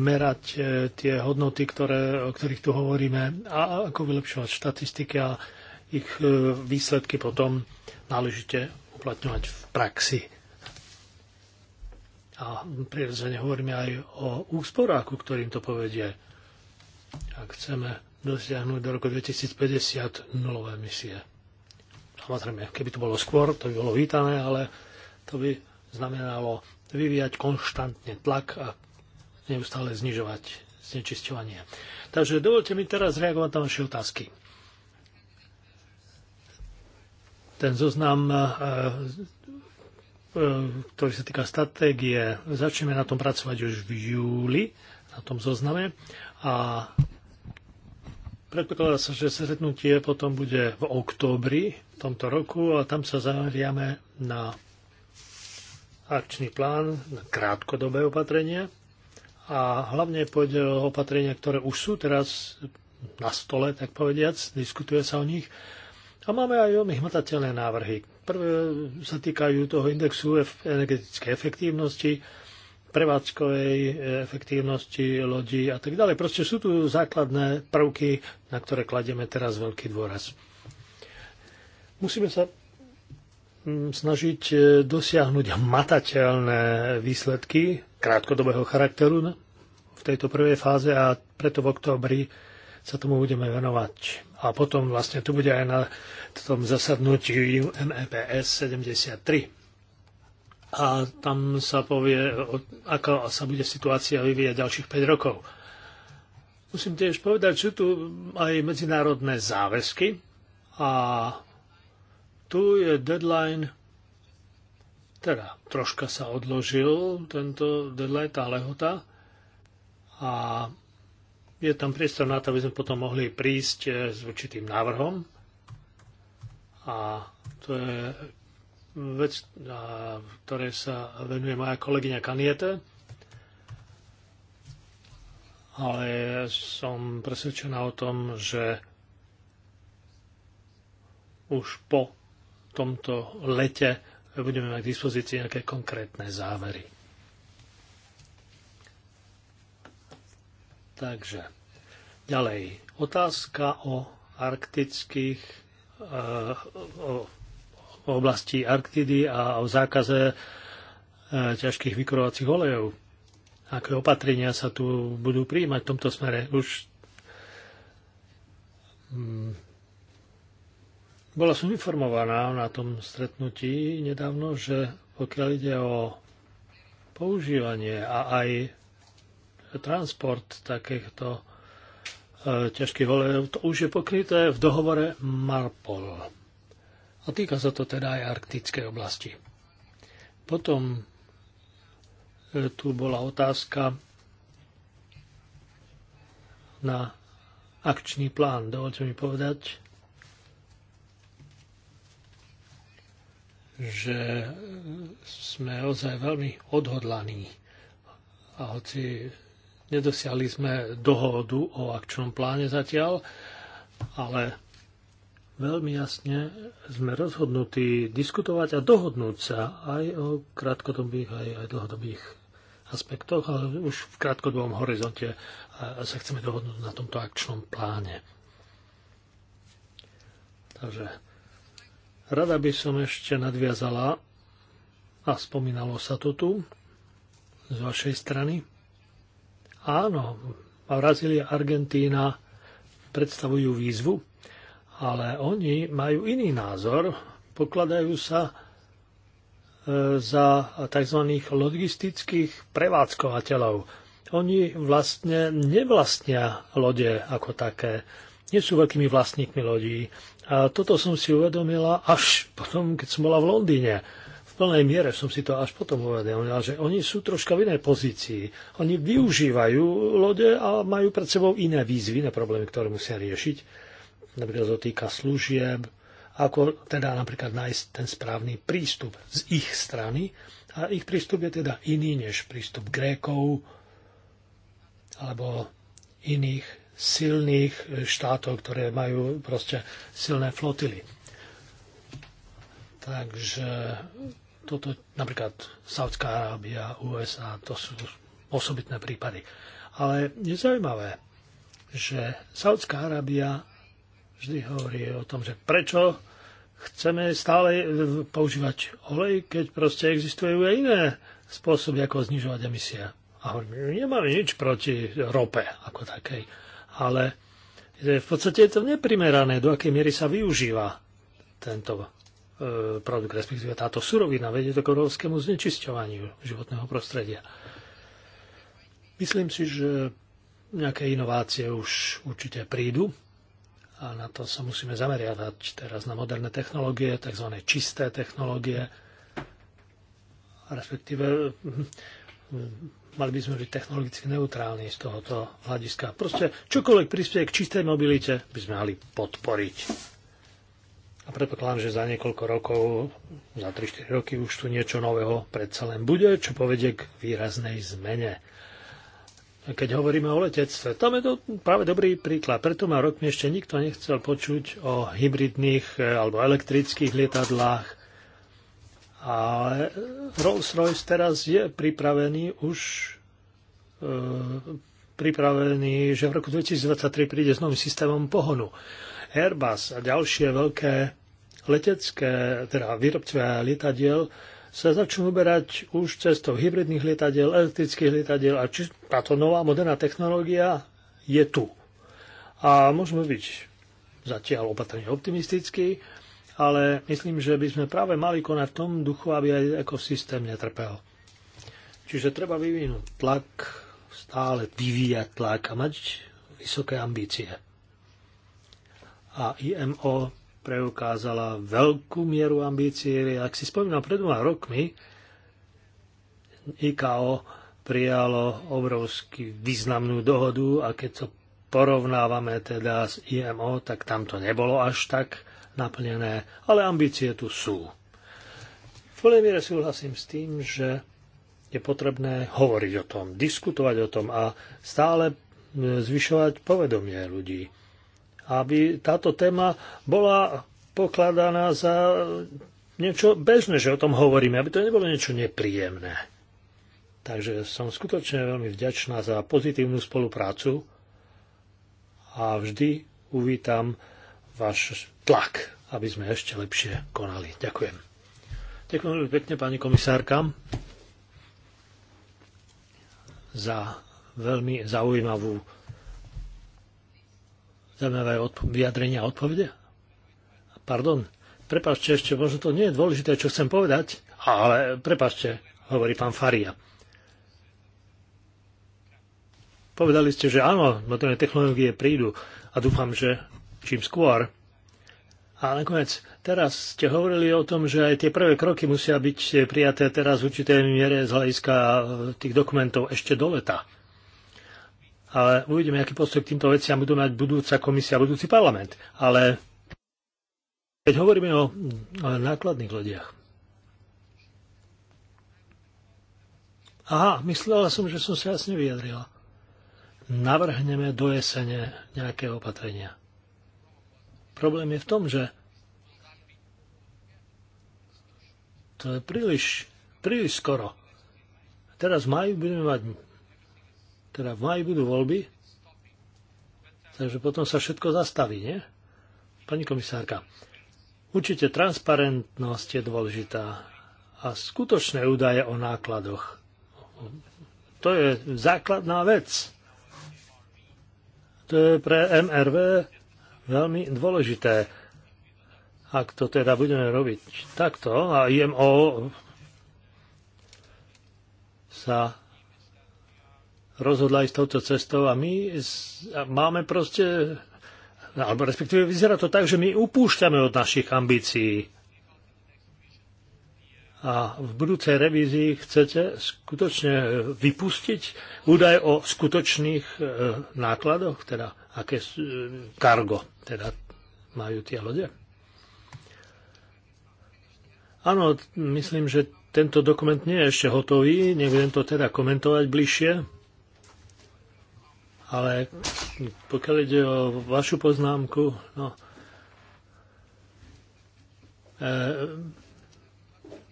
merať e, tie hodnoty, ktoré, o ktorých tu hovoríme a ako vylepšovať štatistiky a ich e, výsledky potom náležite uplatňovať v praxi. A prirodzene hovoríme aj o úsporách, ktorým to povedie ak chceme dosiahnuť do roku 2050 nulové emisie. Samozrejme, keby to bolo skôr, to by bolo vítané, ale to by znamenalo vyvíjať konštantne tlak a neustále znižovať znečisťovanie. Takže dovolte mi teraz reagovať na vaše otázky. Ten zoznam, e, e, ktorý sa týka stratégie, začneme na tom pracovať už v júli, na tom zozname. A predpokladá sa, že stretnutie potom bude v októbri tomto roku a tam sa zameriame na akčný plán, na krátkodobé opatrenia a hlavne pôjde o opatrenia, ktoré už sú teraz na stole, tak povediac, diskutuje sa o nich. A máme aj veľmi hmatateľné návrhy. Prvé sa týkajú toho indexu energetickej efektívnosti, prevádzkovej e, efektívnosti lodí a tak ďalej. Proste sú tu základné prvky, na ktoré kladieme teraz veľký dôraz. Musíme sa mm, snažiť e, dosiahnuť matateľné výsledky krátkodobého charakteru v tejto prvej fáze a preto v októbri sa tomu budeme venovať. A potom vlastne tu bude aj na tom zasadnutí MEPS 73 a tam sa povie, aká sa bude situácia vyvíjať ďalších 5 rokov. Musím tiež povedať, sú tu aj medzinárodné záväzky a tu je deadline, teda troška sa odložil tento deadline, tá lehota a je tam priestor na to, aby sme potom mohli prísť eh, s určitým návrhom a to je vec, na ktoré sa venuje moja kolegyňa Kaniete, ale som presvedčená o tom, že už po tomto lete budeme mať k dispozícii nejaké konkrétne závery. Takže ďalej. Otázka o arktických e, o v oblasti Arktidy a o zákaze e, ťažkých vykurovacích olejov. Aké opatrenia sa tu budú príjmať v tomto smere? Už mm, bola som informovaná na tom stretnutí nedávno, že pokiaľ ide o používanie a aj transport takýchto e, ťažkých olejov, to už je pokryté v dohovore Marpol. A týka sa to teda aj arktickej oblasti. Potom e, tu bola otázka na akčný plán. Dovolte mi povedať, že sme ozaj veľmi odhodlaní. A hoci nedosiahli sme dohodu o akčnom pláne zatiaľ, ale veľmi jasne sme rozhodnutí diskutovať a dohodnúť sa aj o krátkodobých, aj, aj dlhodobých aspektoch, ale už v krátkodobom horizonte sa chceme dohodnúť na tomto akčnom pláne. Takže rada by som ešte nadviazala, a spomínalo sa to tu, z vašej strany. Áno, Brazília, a Argentína predstavujú výzvu, ale oni majú iný názor, pokladajú sa e, za tzv. logistických prevádzkovateľov. Oni vlastne nevlastnia lode ako také. Nie sú veľkými vlastníkmi lodí. A toto som si uvedomila až potom, keď som bola v Londýne. V plnej miere som si to až potom uvedomila, že oni sú troška v inej pozícii. Oni využívajú lode a majú pred sebou iné výzvy, iné problémy, ktoré musia riešiť napríklad to týka služieb, ako teda napríklad nájsť ten správny prístup z ich strany. A ich prístup je teda iný než prístup Grékov alebo iných silných štátov, ktoré majú proste silné flotily. Takže toto napríklad Saudská Arábia, USA, to sú osobitné prípady. Ale je zaujímavé, že Saudská Arábia vždy hovorí o tom, že prečo chceme stále e, používať olej, keď proste existujú aj iné spôsoby, ako znižovať emisie. A hovorím, nemáme nič proti rope ako takej, ale e, v podstate je to neprimerané, do akej miery sa využíva tento e, produkt, respektíve táto surovina vedie k obrovskému znečisťovaniu životného prostredia. Myslím si, že nejaké inovácie už určite prídu a na to sa musíme zameriavať teraz na moderné technológie, tzv. čisté technológie, respektíve hm, mali by sme byť technologicky neutrálni z tohoto hľadiska. Proste čokoľvek prispieje k čistej mobilite, by sme mali podporiť. A predpokladám, že za niekoľko rokov, za 3-4 roky už tu niečo nového predsa len bude, čo povedie k výraznej zmene keď hovoríme o letectve. Tam je to práve dobrý príklad. Preto ma rokmi ešte nikto nechcel počuť o hybridných e, alebo elektrických lietadlách. Ale Rolls-Royce teraz je pripravený už e, pripravený, že v roku 2023 príde s novým systémom pohonu. Airbus a ďalšie veľké letecké, teda výrobcovia lietadiel sa začnú uberať už cestou hybridných lietadiel, elektrických lietadiel a či táto nová moderná technológia je tu. A môžeme byť zatiaľ opatrne optimistickí, ale myslím, že by sme práve mali konať v tom duchu, aby aj ekosystém netrpel. Čiže treba vyvinúť tlak, stále vyvíjať tlak a mať vysoké ambície. A IMO preukázala veľkú mieru ambície. Ak si spomínam, pred dvoma rokmi IKO prijalo obrovský významnú dohodu a keď to porovnávame teda s IMO, tak tam to nebolo až tak naplnené, ale ambície tu sú. V plnej miere súhlasím s tým, že je potrebné hovoriť o tom, diskutovať o tom a stále e, zvyšovať povedomie ľudí aby táto téma bola pokladaná za niečo bežné, že o tom hovoríme, aby to nebolo niečo nepríjemné. Takže som skutočne veľmi vďačná za pozitívnu spoluprácu a vždy uvítam váš tlak, aby sme ešte lepšie konali. Ďakujem. Ďakujem veľmi pekne, pani komisárka, za veľmi zaujímavú zaujímavé vyjadrenia a odpovede? Pardon, prepačte ešte, možno to nie je dôležité, čo chcem povedať, ale prepačte, hovorí pán Faria. Povedali ste, že áno, moderné technológie prídu a dúfam, že čím skôr. A nakoniec, teraz ste hovorili o tom, že aj tie prvé kroky musia byť prijaté teraz v určitej miere z hľadiska eh, tých dokumentov ešte do leta ale uvidíme, aký postoj k týmto veciam budú mať budúca komisia, budúci parlament. Ale keď hovoríme o nákladných lodiach. Aha, myslela som, že som sa jasne vyjadrila. Navrhneme do jesene nejaké opatrenia. Problém je v tom, že to je príliš, príliš skoro. Teraz v maju budeme mať teda v maji budú voľby, takže potom sa všetko zastaví, nie? Pani komisárka, určite transparentnosť je dôležitá a skutočné údaje o nákladoch. To je základná vec. To je pre MRV veľmi dôležité. Ak to teda budeme robiť takto a IMO sa rozhodla ísť touto cestou a my máme proste, alebo respektíve vyzerá to tak, že my upúšťame od našich ambícií. A v budúcej revízii chcete skutočne vypustiť údaj o skutočných e, nákladoch, teda aké e, kargo teda majú tie lode? Áno, myslím, že tento dokument nie je ešte hotový, nebudem to teda komentovať bližšie. Ale pokiaľ ide o vašu poznámku, no, e,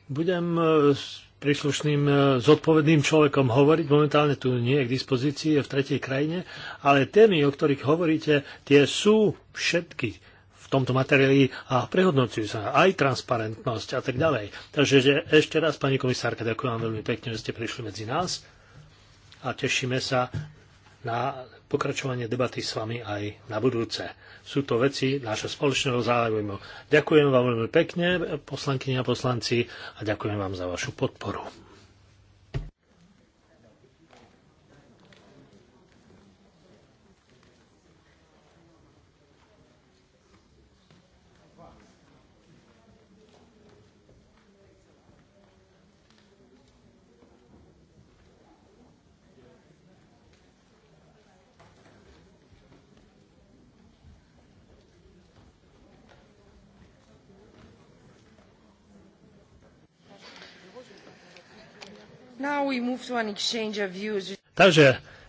budem e, s príslušným e, zodpovedným človekom hovoriť. Momentálne tu nie je k dispozícii, je v tretej krajine, ale témy, o ktorých hovoríte, tie sú všetky v tomto materiáli a prehodnocujú sa aj transparentnosť a tak ďalej. Takže že ešte raz, pani komisárka, ďakujem vám veľmi pekne, že ste prišli medzi nás a tešíme sa na pokračovanie debaty s vami aj na budúce. Sú to veci nášho spoločného záujmu. Ďakujem vám veľmi pekne, poslankyne a poslanci, a ďakujem vám za vašu podporu. Takže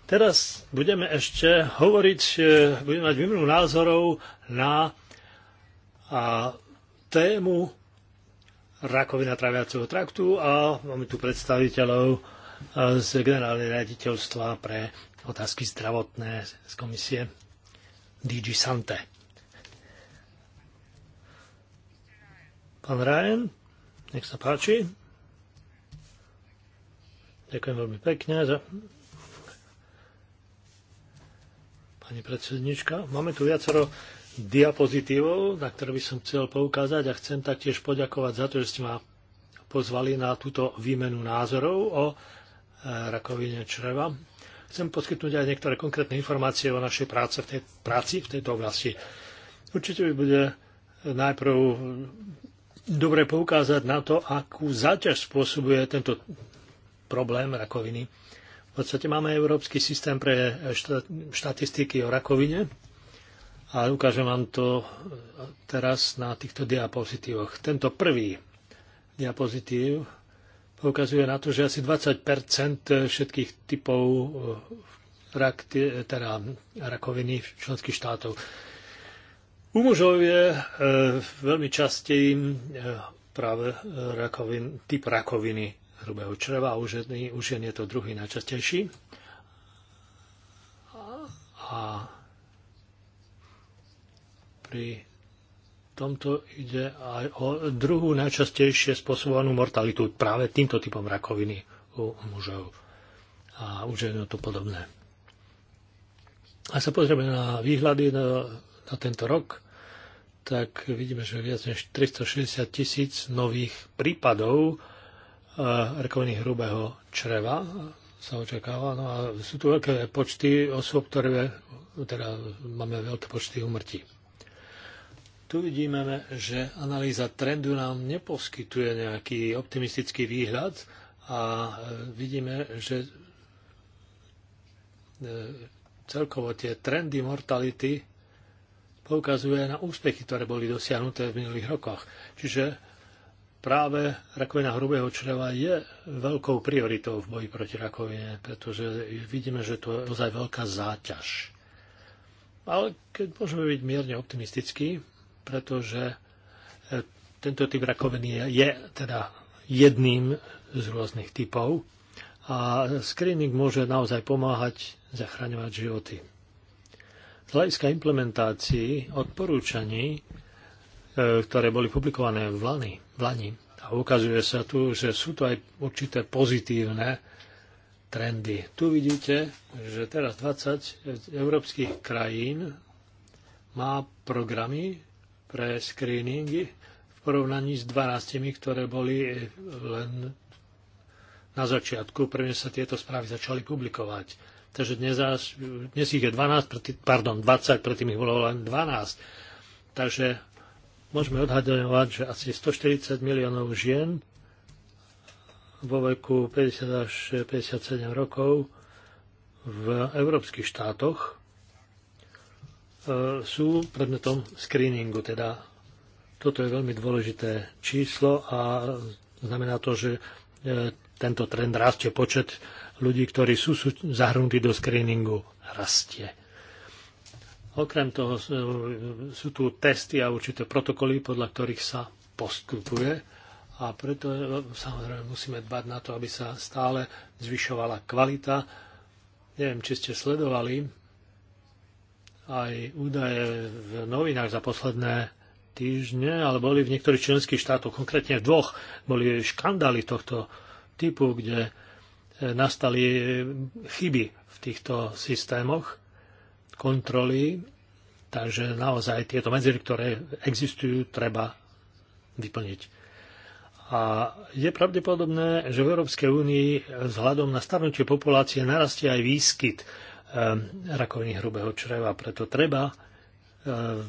teraz budeme ešte hovoriť, e, budeme mať výmenu názorov na a, tému rakovina traviaceho traktu a máme tu predstaviteľov e, z generálneho riaditeľstva pre otázky zdravotné z komisie DG Sante. Pán Ryan, nech sa páči. Ďakujem veľmi pekne za... Pani predsednička, máme tu viacero diapozitívov, na ktoré by som chcel poukázať a chcem taktiež poďakovať za to, že ste ma pozvali na túto výmenu názorov o e, rakovine čreva. Chcem poskytnúť aj niektoré konkrétne informácie o našej práce v tej, práci v tejto oblasti. Určite by bude e, najprv dobre poukázať na to, akú záťaž spôsobuje tento problém rakoviny. V podstate máme európsky systém pre štatistiky o rakovine a ukážem vám to teraz na týchto diapozitívoch. Tento prvý diapozitív poukazuje na to, že asi 20 všetkých typov eh, rak, teda rakoviny členských štátov. U mužov je e, veľmi častej e, eh, práve rakovin, typ rakoviny hrubého čreva, už, jedný, už je to druhý najčastejší. A pri tomto ide aj o druhú najčastejšie spôsobovanú mortalitu práve týmto typom rakoviny u mužov. A už je to podobné. A sa pozrieme na výhľady na, na tento rok, tak vidíme, že viac než 360 tisíc nových prípadov rakoviny hrubého čreva sa očakáva. No a sú tu veľké počty osôb, ktoré teda máme veľké počty umrtí. Tu vidíme, že analýza trendu nám neposkytuje nejaký optimistický výhľad a vidíme, že e, celkovo tie trendy mortality poukazuje na úspechy, ktoré boli dosiahnuté v minulých rokoch. Čiže práve rakovina hrubého čreva je veľkou prioritou v boji proti rakovine, pretože vidíme, že to je naozaj veľká záťaž. Ale keď môžeme byť mierne optimistickí, pretože e, tento typ rakoviny je teda jedným z rôznych typov a screening môže naozaj pomáhať zachraňovať životy. Z hľadiska implementácií odporúčaní E, ktoré boli publikované v Lani. V Lani. A ukazuje sa tu, že sú tu aj určité pozitívne trendy. Tu vidíte, že teraz 20 európskych krajín má programy pre screeningy v porovnaní s 12, ktoré boli len na začiatku, prvne sa tieto správy začali publikovať. Takže dnes, dnes ich je 12, pardon, 20, predtým ich bolo len 12. Takže môžeme odhadovať, že asi 140 miliónov žien vo veku 50 až 57 rokov v európskych štátoch e, sú predmetom screeningu. Teda toto je veľmi dôležité číslo a znamená to, že e, tento trend rastie, počet ľudí, ktorí sú, zahrnutí do screeningu, rastie. Okrem toho sú tu testy a určité protokoly, podľa ktorých sa postupuje a preto samozrejme musíme dbať na to, aby sa stále zvyšovala kvalita. Neviem, či ste sledovali aj údaje v novinách za posledné týždne, ale boli v niektorých členských štátoch, konkrétne v dvoch, boli škandály tohto typu, kde eh, nastali chyby v týchto systémoch kontroly, takže naozaj tieto medzery, ktoré existujú, treba vyplniť. A je pravdepodobné, že v Európskej únii vzhľadom na starnutie populácie narastie aj výskyt ehm, rakoviny hrubého čreva, preto treba ehm,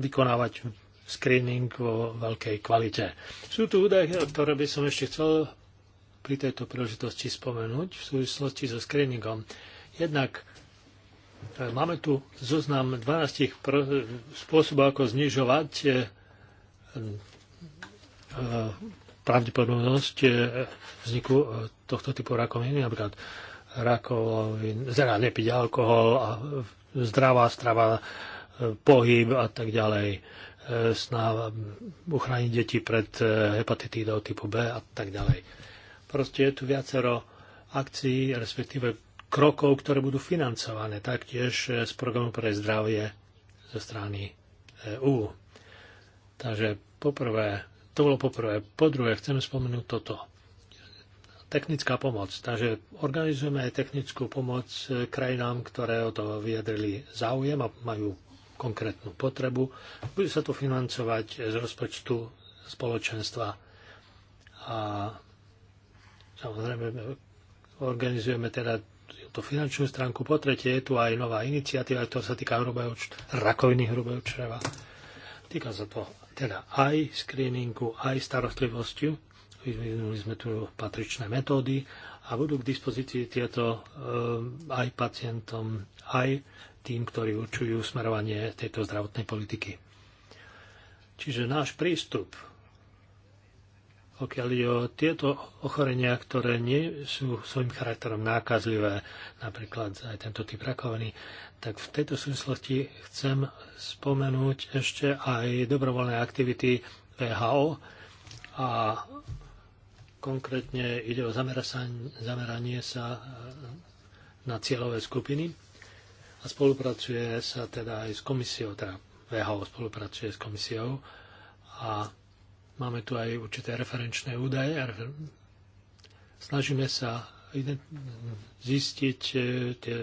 vykonávať screening vo veľkej kvalite. Sú tu údaje, ktoré by som ešte chcel pri tejto príležitosti spomenúť v súvislosti so screeningom. Jednak e, máme tu zoznam 12 e, spôsobov, ako znižovať e, pravdepodobnosť vzniku tohto typu rakoviny, napríklad rakovin, zera nepiť alkohol, a zdravá strava, pohyb a tak ďalej, sná uchrániť deti pred hepatitídou typu B a tak ďalej. Proste je tu viacero akcií, respektíve krokov, ktoré budú financované taktiež eh, z programu pre zdravie zo strany EÚ. Eh, e Takže poprvé, to bolo poprvé. Po druhé, chcem spomenúť toto. Technická pomoc. Takže organizujeme aj technickú pomoc eh, krajinám, ktoré o to vyjadrili záujem a majú konkrétnu potrebu. Bude sa to financovať z rozpočtu spoločenstva. A samozrejme organizujeme teda túto finančnú stránku. Po tretie je tu aj nová iniciatíva, ktorá sa týka hrubého rakoviny hrubého čreva. Týka sa to teda aj screeningu, aj starostlivosti. Vyvinuli sme tu patričné metódy a budú k dispozícii tieto eh, aj pacientom, aj tým, ktorí určujú smerovanie tejto zdravotnej politiky. Čiže náš prístup pokiaľ je o tieto ochorenia, ktoré nie sú svojim charakterom nákazlivé, napríklad aj tento typ rakoviny, tak v tejto súvislosti chcem spomenúť ešte aj dobrovoľné aktivity VHO a konkrétne ide o zameranie sa e, na cieľové skupiny a spolupracuje sa teda aj s komisiou, teda VHO spolupracuje s komisiou a Máme tu aj určité referenčné údaje. Snažíme sa zistiť e,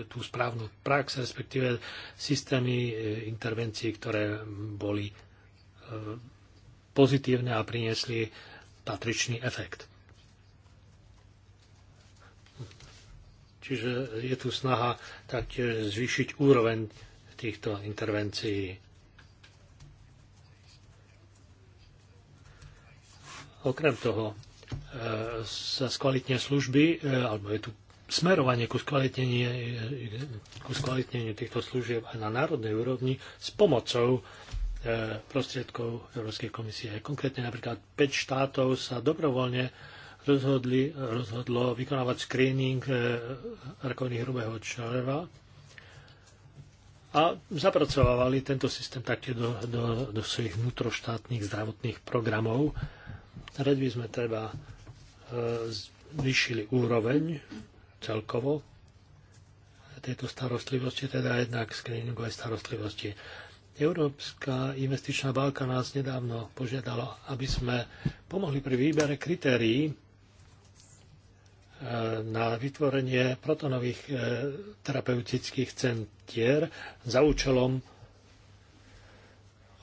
tú správnu prax, respektíve systémy e, intervencií, ktoré boli e, pozitívne a priniesli patričný efekt. Čiže je tu snaha taktiež zvýšiť úroveň týchto intervencií. Okrem toho e, sa skvalitne služby, e, alebo je tu smerovanie ku skvalitneniu, e, ku skvalitneniu týchto služieb aj na národnej úrovni s pomocou prostriedkov Európskej komisie. Konkrétne napríklad 5 štátov sa dobrovoľne rozhodli, rozhodlo vykonávať screening rakoviny hrubého čreva a zapracovávali tento systém taktiež do, do, do svojich vnútroštátnych zdravotných programov Rád by sme treba e, zvýšili úroveň celkovo tejto starostlivosti, teda jednak screeningovej starostlivosti. Európska investičná banka nás nedávno požiadala, aby sme pomohli pri výbere kritérií e, na vytvorenie protonových e, terapeutických centier za účelom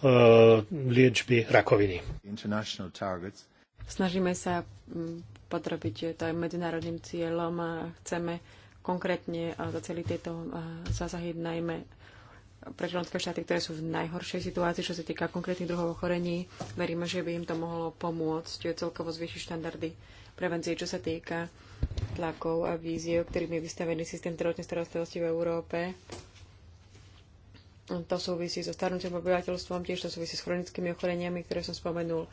E, liečby rakoviny. Snažíme sa podrobiť to aj medzinárodným cieľom a chceme konkrétne e, zaceliť tieto e, zásahy najmä pre členské štáty, ktoré sú v najhoršej situácii, čo sa týka konkrétnych druhov ochorení. Veríme, že by im to mohlo pomôcť celkovo zvýšiť štandardy prevencie, čo sa týka tlakov a víziev, ktorými je vystavený systém zdravotnej starostlivosti v Európe. To súvisí so starnúcim obyvateľstvom, tiež to súvisí s chronickými ochoreniami, ktoré som spomenul.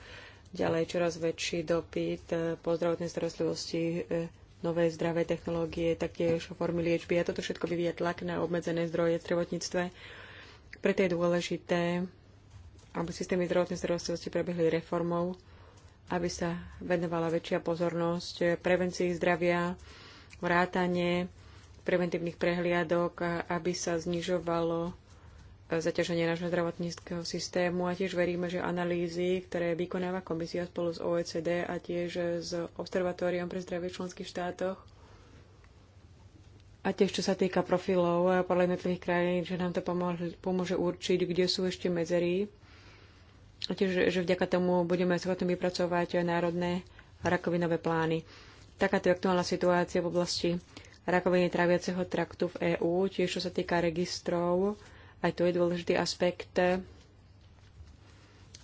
Ďalej čoraz väčší dopyt eh, po zdravotnej starostlivosti, eh, nové zdravé technológie, taktiež formy liečby. A toto všetko vyvíja tlak na obmedzené zdroje v zdravotníctve. Preto je dôležité, aby systémy zdravotnej starostlivosti prebehli reformou, aby sa venovala väčšia pozornosť prevencii zdravia, vrátanie preventívnych prehliadok, aby sa znižovalo zaťaženie nášho zdravotníckého systému a tiež veríme, že analýzy, ktoré vykonáva komisia spolu s OECD a tiež s Observatóriom pre zdravie v členských štátoch a tiež čo sa týka profilov podľa jednotlivých krajín, že nám to pomôže určiť, kde sú ešte medzery a tiež, že vďaka tomu budeme schopní vypracovať národné rakovinové plány. Takáto je aktuálna situácia v oblasti rakoviny tráviaceho traktu v EÚ, tiež čo sa týka registrov aj to je dôležitý aspekt, eh,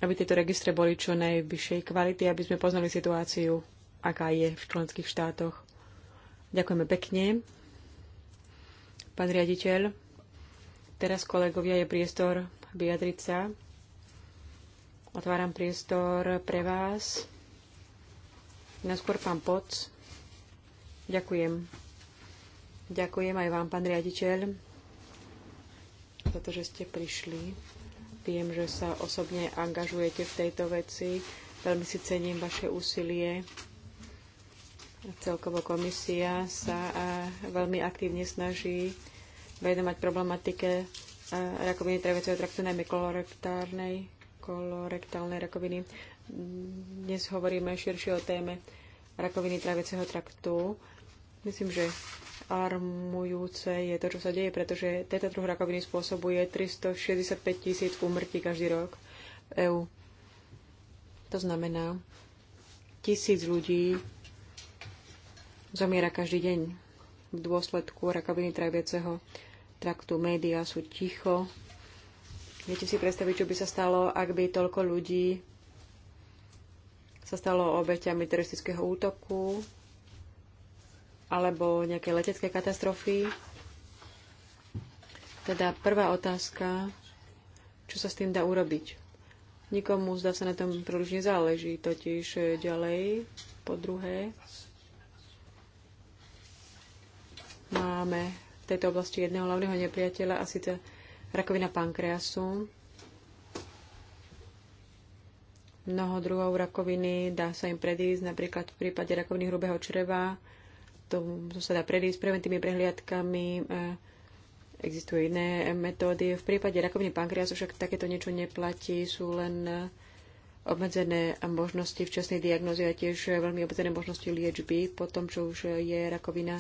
aby tieto registre boli čo najvyššej kvality, aby sme poznali situáciu, aká je v členských štátoch. Ďakujeme pekne. Pán riaditeľ, teraz kolegovia je priestor vyjadriť sa. Otváram priestor pre vás. Najskôr pán Poc. Ďakujem. Ďakujem aj vám, pán riaditeľ za to, že ste prišli. Viem, že sa osobne angažujete v tejto veci. Veľmi si cením vaše úsilie. Celkovo komisia sa veľmi aktívne snaží vedomať problematike rakoviny tráveceho traktu, najmä kolorektárnej, kolorektálnej rakoviny. Dnes hovoríme širšie o téme rakoviny tráveceho traktu. Myslím, že alarmujúce je to, čo sa deje, pretože tento druh rakoviny spôsobuje 365 tisíc úmrtí každý rok v EÚ. To znamená, tisíc ľudí zomiera každý deň v dôsledku rakoviny tráviaceho traktu. Média sú ticho. Viete si predstaviť, čo by sa stalo, ak by toľko ľudí sa stalo obeťami teroristického útoku, alebo nejaké letecké katastrofy. Teda prvá otázka, čo sa s tým dá urobiť. Nikomu zdá sa na tom príliš nezáleží, totiž eh, ďalej, po druhé, máme v tejto oblasti jedného hlavného nepriateľa a síce rakovina pankreasu. Mnoho druhov rakoviny dá sa im predísť, napríklad v prípade rakoviny hrubého čreva, tomu sa dá predísť preventívnymi prehliadkami, e, existujú iné metódy. V prípade rakoviny pankreasu však takéto niečo neplatí, sú len e, obmedzené možnosti včasnej diagnózy a tiež veľmi obmedzené možnosti liečby po tom, čo už je rakovina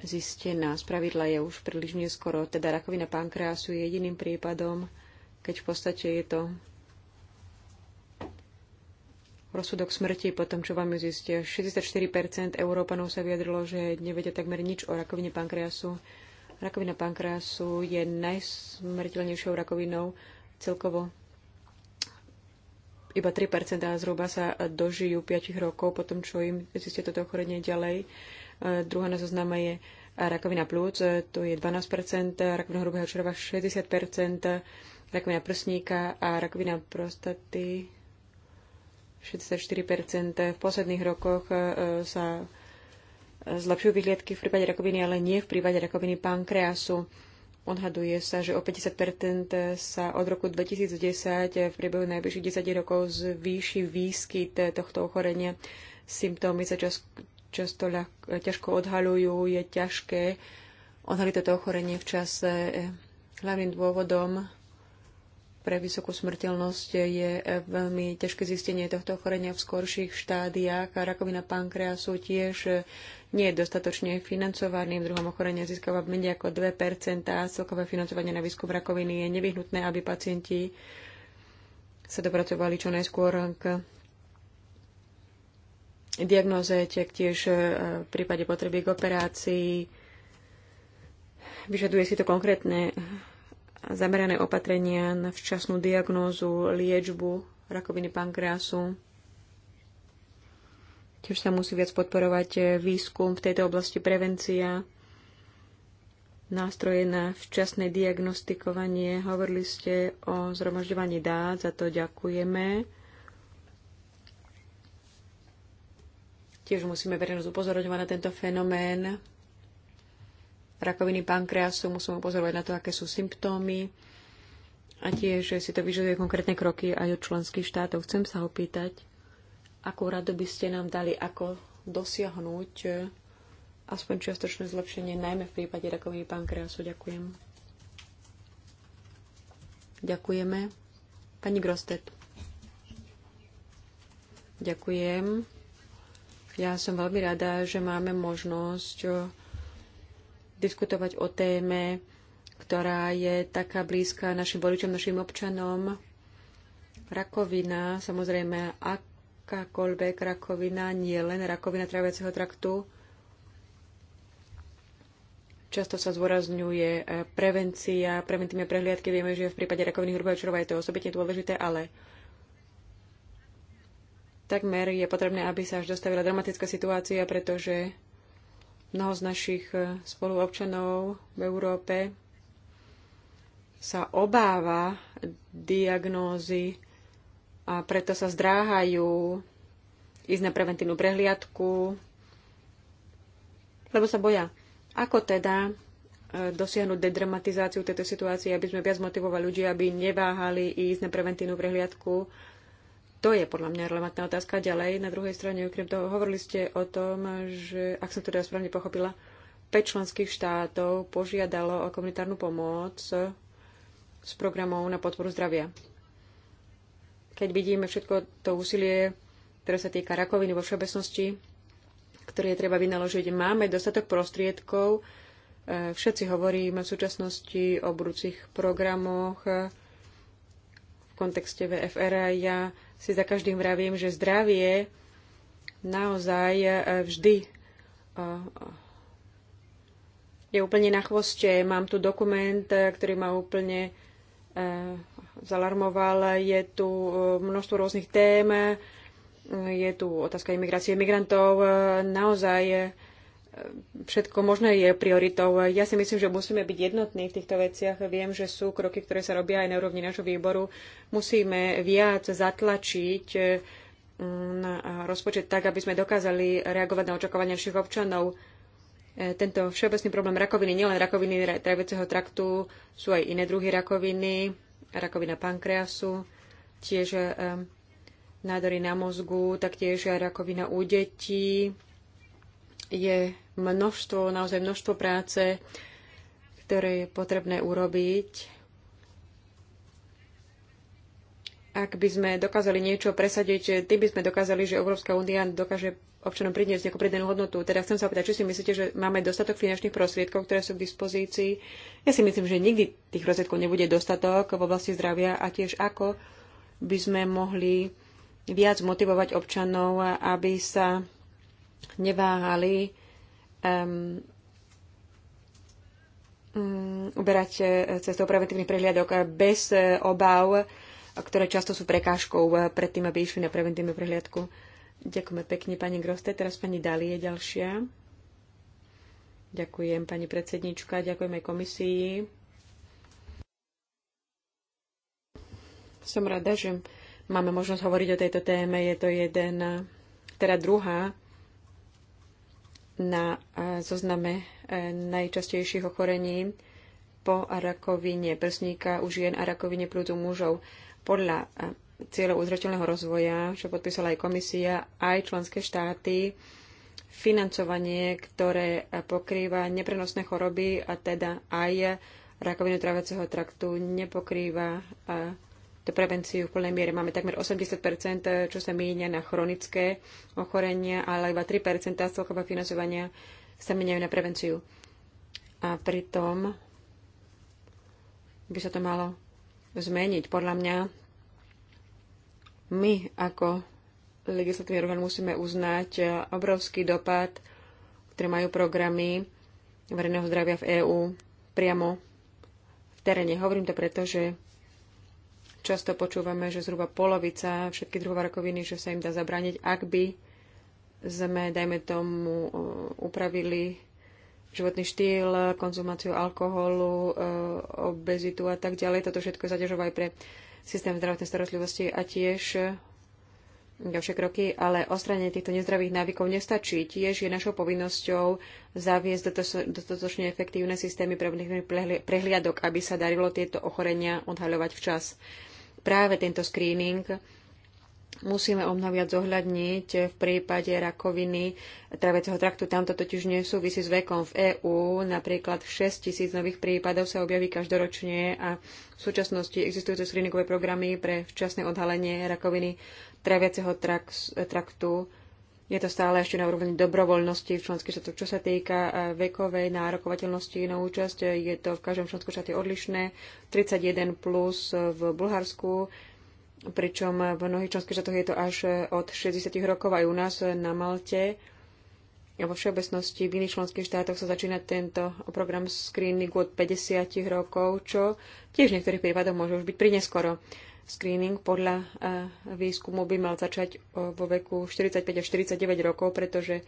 zistená. Z pravidla je už príliš neskoro. Teda rakovina pankreasu je jediným prípadom, keď v podstate je to rozsudok smrti potom čo vám ju zistia. 64% Európanov sa vyjadrilo, že nevedia takmer nič o rakovine pankreasu. Rakovina pankreasu je najsmrteľnejšou rakovinou celkovo. Iba 3% zhruba sa dožijú 5 rokov po tom, čo im zistia toto ochorenie ďalej. E, druhá na zozname je rakovina plúc, e, to je 12%, rakovina hrubého čreva 60%, rakovina prsníka a rakovina prostaty 64 V posledných rokoch e, sa zlepšujú vyhliadky v prípade rakoviny, ale nie v prípade rakoviny pankreasu. Odhaduje sa, že o 50 sa od roku 2010 v priebehu najbližších 10 rokov zvýši výskyt tohto ochorenia. Symptómy sa čas, často ťažko odhalujú, je ťažké odhaliť toto ochorenie v čase. Hlavným dôvodom pre vysokú smrteľnosť je veľmi ťažké zistenie tohto ochorenia v skorších štádiách a rakovina pankreasu tiež nie je dostatočne financovaným. druhom ochorení získava menej ako 2 a celkové financovanie na výskum rakoviny je nevyhnutné, aby pacienti sa dopracovali čo najskôr k diagnoze, tiež e, v prípade potreby k operácii. Vyžaduje si to konkrétne zamerané opatrenia na včasnú diagnózu, liečbu rakoviny pankreasu. Tiež sa musí viac podporovať výskum v tejto oblasti prevencia, nástroje na včasné diagnostikovanie. Hovorili ste o zhromažďovaní dát, za to ďakujeme. Tiež musíme verejnosť upozorňovať na tento fenomén rakoviny pankreasu, musíme pozorovať na to, aké sú symptómy a tiež že si to vyžaduje konkrétne kroky aj od členských štátov. Chcem sa opýtať, akú radu by ste nám dali, ako dosiahnuť eh, aspoň čiastočné zlepšenie, najmä v prípade rakoviny pankreasu. Ďakujem. Ďakujeme. Pani Grostet. Ďakujem. Ja som veľmi rada, že máme možnosť eh, diskutovať o téme, ktorá je taká blízka našim voličom, našim občanom. Rakovina, samozrejme, akákoľvek rakovina, nie len rakovina tráviaceho traktu. Často sa zvorazňuje eh, prevencia, preventívne prehliadky. Vieme, že v prípade rakoviny hrubého je to osobitne dôležité, ale takmer je potrebné, aby sa až dostavila dramatická situácia, pretože Mnoho z našich e, spoluobčanov v Európe sa obáva diagnózy a preto sa zdráhajú ísť na preventívnu prehliadku, lebo sa boja. Ako teda e, dosiahnuť dedramatizáciu tejto situácie, aby sme viac motivovali ľudí, aby neváhali ísť na preventívnu prehliadku to je podľa mňa relevantná otázka. Ďalej, na druhej strane, okrem toho, hovorili ste o tom, že, ak som to teda správne pochopila, 5 členských štátov požiadalo o komunitárnu pomoc s programov na podporu zdravia. Keď vidíme všetko to úsilie, ktoré sa týka rakoviny vo všeobecnosti, ktoré je treba vynaložiť, máme dostatok prostriedkov. Eh, všetci hovoríme v súčasnosti o budúcich programoch eh, v kontexte VFR. Ja si za každým vravím, že zdravie naozaj e, vždy e, je úplne na chvoste. Mám tu dokument, e, ktorý ma úplne zalarmoval. Je tu množstvo rôznych tém. Je tu otázka imigrácie migrantov. Naozaj všetko možné je prioritou. Ja si myslím, že musíme byť jednotní v týchto veciach. Viem, že sú kroky, ktoré sa robia aj na úrovni nášho výboru. Musíme viac zatlačiť mm, na rozpočet tak, aby sme dokázali reagovať na očakávania našich občanov. E, tento všeobecný problém rakoviny, nielen rakoviny trajveceho traktu, sú aj iné druhy rakoviny, rakovina pankreasu, tiež e, nádory na mozgu, taktiež rakovina u detí je množstvo, naozaj množstvo práce, ktoré je potrebné urobiť. Ak by sme dokázali niečo presadiť, tým by sme dokázali, že Európska únia dokáže občanom priniesť nejakú pridanú hodnotu. Teda chcem sa opýtať, či si myslíte, že máme dostatok finančných prostriedkov, ktoré sú k dispozícii. Ja si myslím, že nikdy tých prostriedkov nebude dostatok v oblasti zdravia a tiež ako by sme mohli viac motivovať občanov, aby sa neváhali um, um, uberať e, cestou preventívnych prehliadok e, bez e, obav, ktoré často sú prekážkou pred tým, aby išli na preventívnu prehliadku. Ďakujeme pekne, pani Groste. Teraz pani Dali je ďalšia. Ďakujem, pani predsednička. Ďakujem aj komisii. Som rada, že máme možnosť hovoriť o tejto téme. Je to jeden, teda druhá na e, zozname e, najčastejších ochorení po rakovine prsníka u žien a rakovine prúdu mužov. Podľa e, cieľov uzrateľného rozvoja, čo podpísala aj komisia, aj členské štáty, financovanie, ktoré pokrýva neprenosné choroby a teda aj rakovinu trávaceho traktu, nepokrýva tú prevenciu v plnej miere. Máme takmer 80 eh, čo sa míňa na chronické ochorenia, ale iba 3 celkového financovania sa míňajú na prevenciu. A pritom by sa to malo zmeniť. Podľa mňa my ako legislatívny orgán musíme uznať eh, obrovský dopad, ktoré majú programy verejného zdravia v EÚ priamo v teréne. Hovorím to preto, že Často počúvame, že zhruba polovica všetkých druhov rakoviny, že sa im dá zabrániť, ak by sme, dajme tomu, e, upravili životný štýl, konzumáciu alkoholu, e, obezitu a tak ďalej. Toto všetko zaťažová aj pre systém zdravotnej starostlivosti a tiež ďalšie kroky, ale ostranenie týchto nezdravých návykov nestačí. Tiež je našou povinnosťou zaviesť dostatočne efektívne systémy prevenívnych prehliadok, aby sa darilo tieto ochorenia odhaľovať včas práve tento screening musíme o mnoho viac zohľadniť v prípade rakoviny traveceho traktu. Tamto totiž nesúvisí s vekom. V EÚ napríklad 6 tisíc nových prípadov sa objaví každoročne a v súčasnosti existujúce screeningové programy pre včasné odhalenie rakoviny tráviaceho traktu je to stále ešte na úrovni dobrovoľnosti v členských štátoch. Čo sa týka e, vekovej nárokovateľnosti na účasť, e, je to v každom členskom štáte odlišné. 31 plus e, v Bulharsku, pričom v mnohých členských štátoch je to až od 60 rokov aj u nás na Malte. Vo všeobecnosti v iných členských štátoch sa začína tento program screening od 50 rokov, čo tiež v niektorých prípadoch môže už byť prineskoro. neskoro. Screening podľa e, výskumu by mal začať e, vo veku 45 až 49 rokov, pretože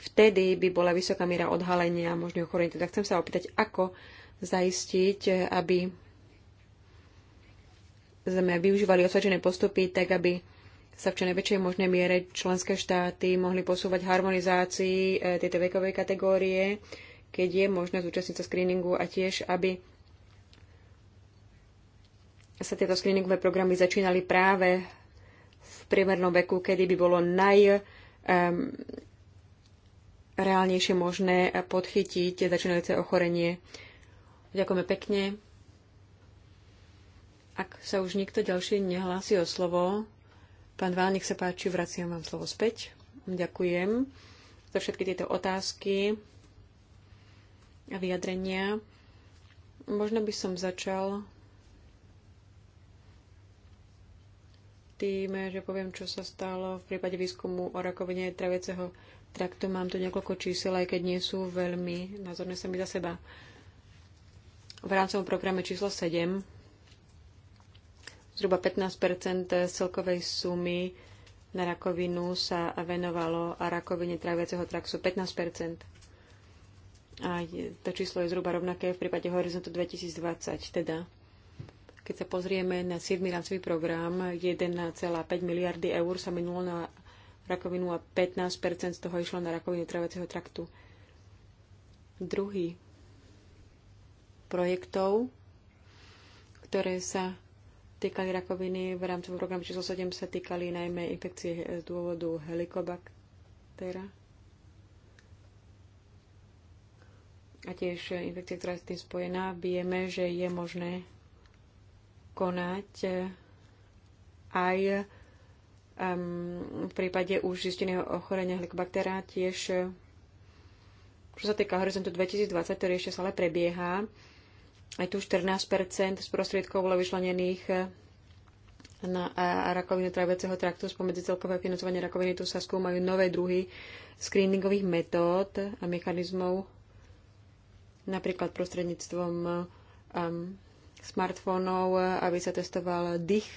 vtedy by bola vysoká miera odhalenia možných ochorení. Teda chcem sa opýtať, ako zaistiť, e, aby sme využívali osvedčené postupy tak, aby sa v čo najväčšej možnej miere členské štáty mohli posúvať harmonizácii tejto vekovej kategórie, keď je možné zúčastniť sa screeningu a tiež, aby sa tieto screeningové programy začínali práve v priemernom veku, kedy by bolo naj um, reálnejšie možné podchytiť začínajúce ochorenie. Ďakujeme pekne. Ak sa už nikto ďalší nehlási o slovo, pán Vál, nech sa páči, vraciam vám slovo späť. Ďakujem za všetky tieto otázky a vyjadrenia. Možno by som začal tým, že poviem, čo sa stalo v prípade výskumu o rakovine traviaceho traktu. Mám tu niekoľko čísel, aj keď nie sú veľmi názorné sami za seba. V rámcovom programe číslo 7 zhruba 15 z celkovej sumy na rakovinu sa venovalo a rakovine traviaceho traktu 15 A to číslo je zhruba rovnaké v prípade Horizontu 2020, teda keď sa pozrieme na 7. rámcový program, 1,5 miliardy eur sa minulo na rakovinu a 15 z toho išlo na rakovinu traviaceho traktu. Druhý projektov, ktoré sa týkali rakoviny v rámcovom programu číslo 7 sa týkali najmä infekcie z dôvodu helikobaktéra a tiež infekcie, ktorá je s tým spojená. Vieme, že je možné konať eh, aj v prípade už zisteného ochorenia helikobaktéra tiež eh, čo sa týka horizontu 2020, ktorý ešte stále prebieha, aj tu 14 z prostriedkov bolo vyšlenených eh, na rakovinu tráviaceho traktu spomedzi celkové financovanie rakoviny. Tu sa skúmajú nové druhy screeningových metód a mechanizmov, napríklad prostredníctvom um, smartfónov, aby sa testoval dých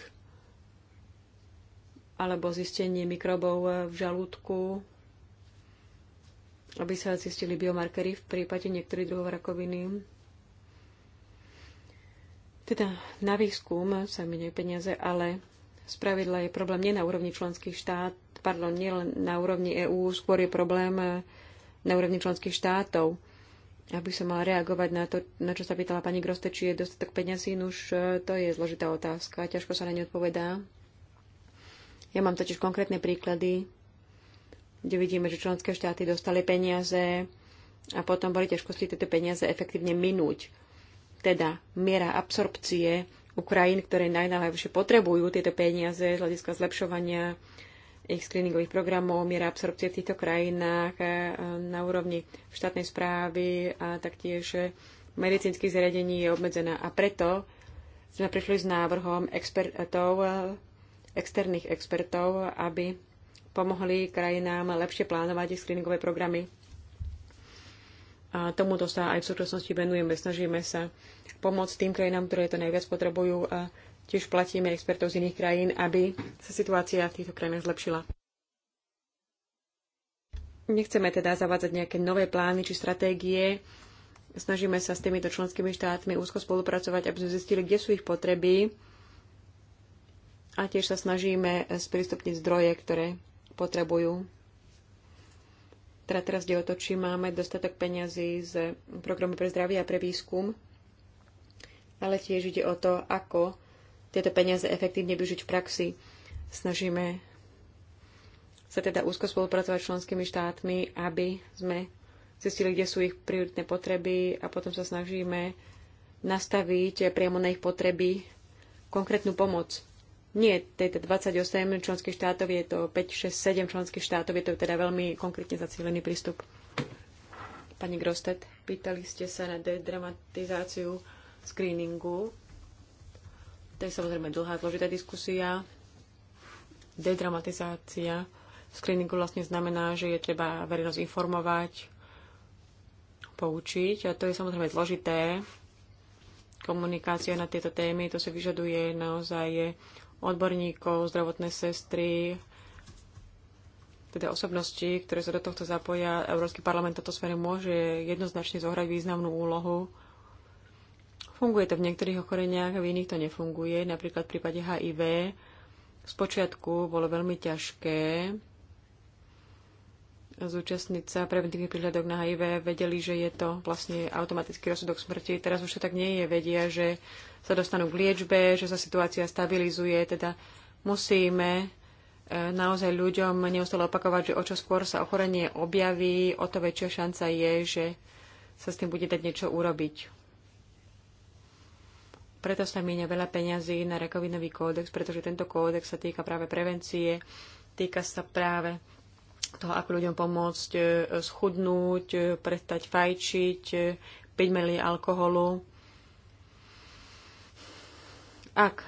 alebo zistenie mikrobov v žalúdku, aby sa zistili biomarkery v prípade niektorých druhov rakoviny. Teda na výskum sa minajú peniaze, ale spravidla je problém nie na úrovni členských štát, pardon, nie na úrovni EÚ, skôr je problém na úrovni členských štátov aby som mala reagovať na to, na čo sa pýtala pani Groste, či je dostatok peňazí, už e, to je zložitá otázka, ťažko sa na ne odpovedá. Ja mám totiž konkrétne príklady, kde vidíme, že členské štáty dostali peniaze a potom boli ťažkosti tieto peniaze efektívne minúť. Teda miera absorpcie u krajín, ktoré najnáhľajšie potrebujú tieto peniaze z hľadiska zlepšovania ich screeningových programov, miera absorpcie v týchto krajinách e, na úrovni štátnej správy a taktiež medicínskych zariadení je obmedzená. A preto sme prišli s návrhom expertov, e, externých expertov, aby pomohli krajinám lepšie plánovať ich screeningové programy. A tomuto sa aj v súčasnosti venujeme. Snažíme sa pomôcť tým krajinám, ktoré to najviac potrebujú a Tiež platíme expertov z iných krajín, aby sa situácia v týchto krajinách zlepšila. Nechceme teda zavádzať nejaké nové plány či stratégie. Snažíme sa s týmito členskými štátmi úzko spolupracovať, aby sme zistili, kde sú ich potreby. A tiež sa snažíme sprístupniť zdroje, ktoré potrebujú. Teda teraz kde otočím máme dostatok peňazí z programu pre zdravie a pre výskum, ale tiež ide o to, ako tieto peniaze efektívne využiť v praxi. Snažíme sa teda úzko spolupracovať s členskými štátmi, aby sme zistili, kde sú ich prioritné potreby a potom sa snažíme nastaviť priamo na ich potreby konkrétnu pomoc. Nie teda 28 členských štátov, je to 5, 6, 7 členských štátov, je to teda veľmi konkrétne zacílený prístup. Pani Grostet, pýtali ste sa na dramatizáciu screeningu to je samozrejme dlhá, zložitá diskusia. Dedramatizácia screeningu vlastne znamená, že je treba verejnosť informovať, poučiť a to je samozrejme zložité. Komunikácia na tieto témy, to si vyžaduje naozaj odborníkov, zdravotné sestry, teda osobnosti, ktoré sa do tohto zapoja. Európsky parlament toto sfére môže jednoznačne zohrať významnú úlohu Funguje to v niektorých ochoreniach, v iných to nefunguje. Napríklad v prípade HIV počiatku bolo veľmi ťažké zúčastniť sa preventívnych príhľadok na HIV. Vedeli, že je to vlastne automatický rozsudok smrti. Teraz už to tak nie je. Vedia, že sa dostanú k liečbe, že sa situácia stabilizuje. Teda musíme e, naozaj ľuďom neustále opakovať, že o čo skôr sa ochorenie objaví, o to väčšia šanca je, že sa s tým bude dať niečo urobiť. Preto sa míňa veľa peňazí na rakovinový kódex, pretože tento kódex sa týka práve prevencie, týka sa práve toho, ako ľuďom pomôcť e, schudnúť, e, prestať fajčiť, e, piť menej alkoholu. Ak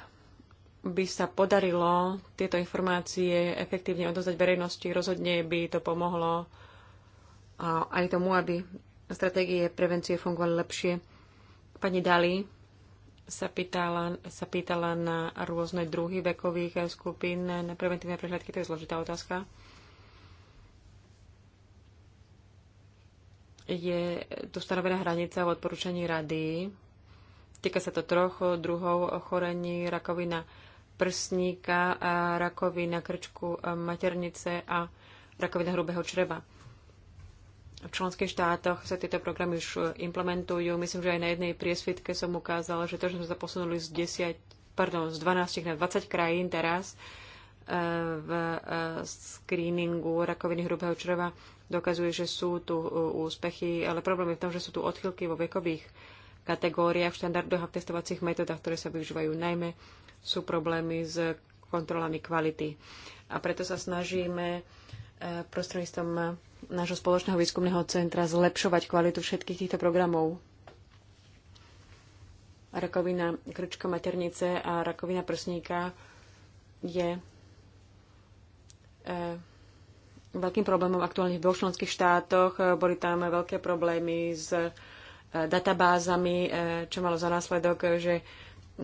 by sa podarilo tieto informácie efektívne odozdať verejnosti, rozhodne by to pomohlo aj tomu, aby stratégie prevencie fungovali lepšie. Pani Dali sa pýtala, sa pýtala na rôzne druhy vekových skupín na preventívne prehľadky. To je zložitá otázka. Je tu stanovená hranica v odporúčaní rady. Týka sa to troch druhov ochorení, rakovina prsníka, a rakovina krčku maternice a rakovina hrubého čreba v členských štátoch sa tieto programy už eh, implementujú. Myslím, že aj na jednej priesvitke som ukázala, že to, že sme sa posunuli z, 10, pardon, z 12 na 20 krajín teraz eh, v eh, screeningu rakoviny hrubého čreva, dokazuje, že sú tu úspechy, ale problém je v tom, že sú tu odchylky vo vekových kategóriách, v štandardoch a v testovacích metodách, ktoré sa využívajú. Najmä sú problémy s kontrolami kvality. A preto sa snažíme prostredníctvom nášho spoločného výskumného centra zlepšovať kvalitu všetkých týchto programov. Rakovina krčko maternice a rakovina prsníka je e, veľkým problémom aktuálne v dvoch členských štátoch. Boli tam veľké problémy s eh, databázami, eh, čo malo za následok, že mm,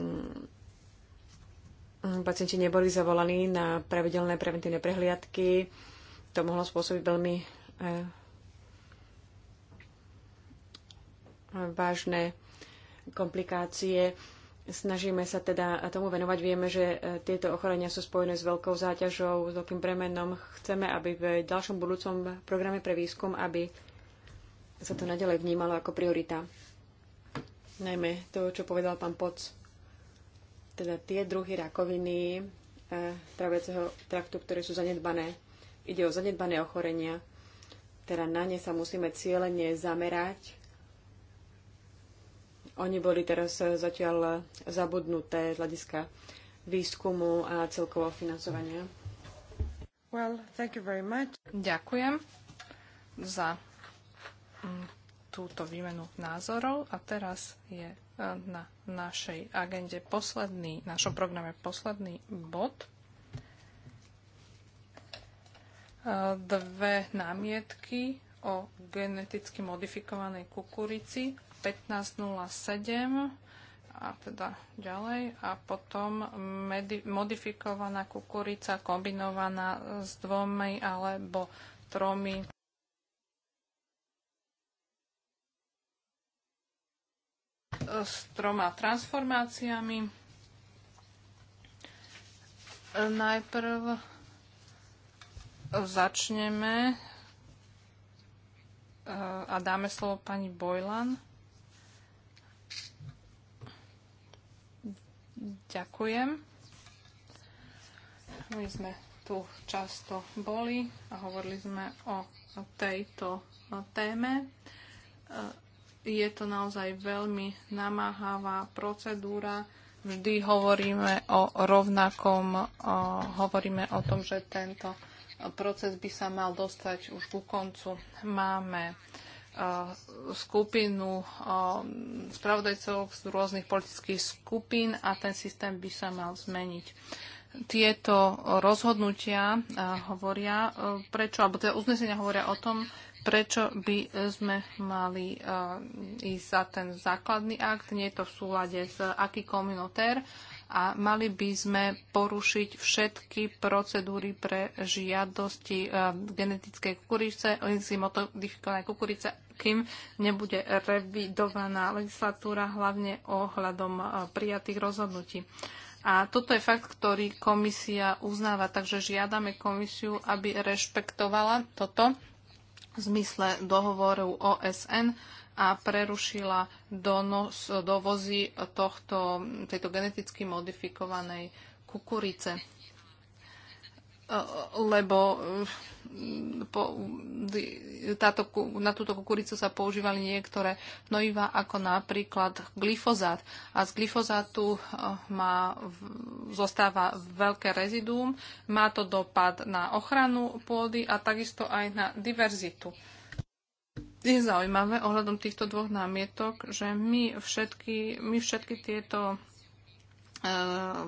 mm, pacienti neboli zavolaní na pravidelné preventívne prehliadky. To mohlo spôsobiť veľmi E, vážne komplikácie. Snažíme sa teda tomu venovať. Vieme, že e, tieto ochorenia sú spojené s veľkou záťažou, s veľkým bremenom. Chceme, aby v ďalšom budúcom programe pre výskum, aby sa to nadalej vnímalo ako priorita. Najmä to, čo povedal pán Poc, teda tie druhy rakoviny e, traveceho traktu, ktoré sú zanedbané. Ide o zanedbané ochorenia. Teda na ne sa musíme cieľene zamerať. Oni boli teraz eh, zatiaľ eh, zabudnuté z hľadiska výskumu a celkového financovania. Well, thank you very much. Ďakujem za mm, túto výmenu názorov a teraz je eh, na našej agende posledný, našom programe posledný bod dve námietky o geneticky modifikovanej kukurici 1507 a teda ďalej a potom modifikovaná kukurica kombinovaná s dvomi alebo tromi s troma transformáciami. Najprv začneme eh, a dáme slovo pani Bojlan. Ďakujem. My sme tu často boli a hovorili sme o tejto téme. Eh, je to naozaj veľmi namáhavá procedúra. Vždy hovoríme o rovnakom, eh, hovoríme o tom, že tento proces by sa mal dostať už ku koncu. Máme e, skupinu e, spravodajcov z rôznych politických skupín a ten systém by sa mal zmeniť. Tieto rozhodnutia e, hovoria prečo, alebo teda uznesenia hovoria o tom, prečo by sme mali ísť za ten základný akt. Nie je to v súlade s aký notér, a mali by sme porušiť všetky procedúry pre žiadosti eh, genetickej kukurice, modifikované kukurice, kým nebude revidovaná legislatúra, hlavne ohľadom eh, prijatých rozhodnutí. A toto je fakt, ktorý komisia uznáva, takže žiadame komisiu, aby rešpektovala toto v zmysle dohovoru OSN, a prerušila donos, dovozy tohto, tejto geneticky modifikovanej kukurice. E, lebo e, po, táto, na túto kukuricu sa používali niektoré hnojiva, ako napríklad glyfozát. A z glyfozátu e, má, zostáva veľké reziduum, má to dopad na ochranu pôdy a takisto aj na diverzitu je zaujímavé ohľadom týchto dvoch námietok, že my všetky, my všetky tieto e,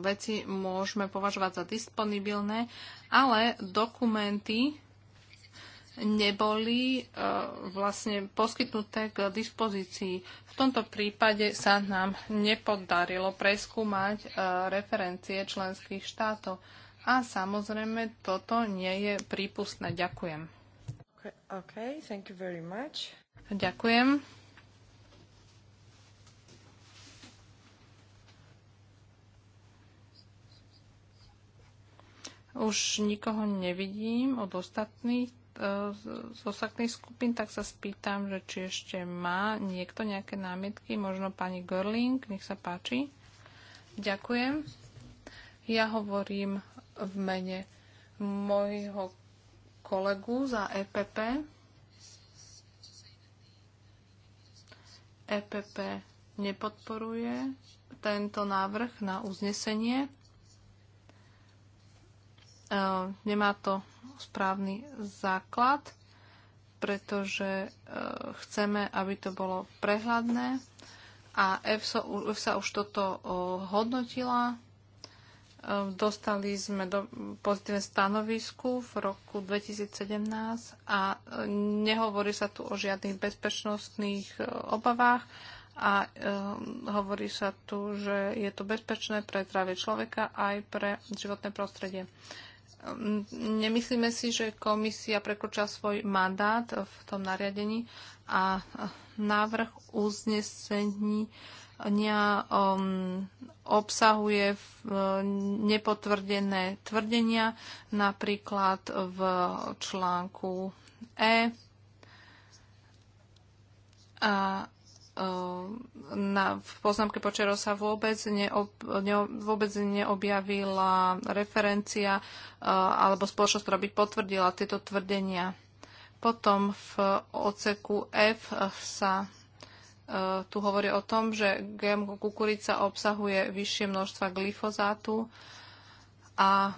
veci môžeme považovať za disponibilné, ale dokumenty neboli e, vlastne poskytnuté k dispozícii. V tomto prípade sa nám nepodarilo preskúmať e, referencie členských štátov. A samozrejme, toto nie je prípustné. Ďakujem. Okay, thank you very much. Ďakujem. Už nikoho nevidím od ostatných, e, z ostatných skupín, tak sa spýtam, že či ešte má niekto nejaké námietky, možno pani Görling, nech sa páči. Ďakujem. Ja hovorím v mene mojho kolegu za EPP. EPP nepodporuje tento návrh na uznesenie. E, nemá to správny základ, pretože e, chceme, aby to bolo prehľadné a EFSA, už toto e, hodnotila Ehm, dostali sme do pozitívne stanovisku v roku 2017 a ehm, nehovorí sa tu o žiadnych bezpečnostných ehm, obavách a hovorí sa tu, že je to bezpečné pre zdravie človeka aj pre životné prostredie. Nemyslíme si, že komisia prekročila svoj mandát v tom nariadení a návrh uznesení um, obsahuje eh, nepotvrdené tvrdenia, napríklad v článku E. A eh, na, v poznámke počero sa vôbec, neob, ne, vôbec neobjavila referencia eh, alebo spoločnosť, ktorá by potvrdila tieto tvrdenia. Potom v oceku F sa E, tu hovorí o tom, že GM kukurica obsahuje vyššie množstva glyfozátu a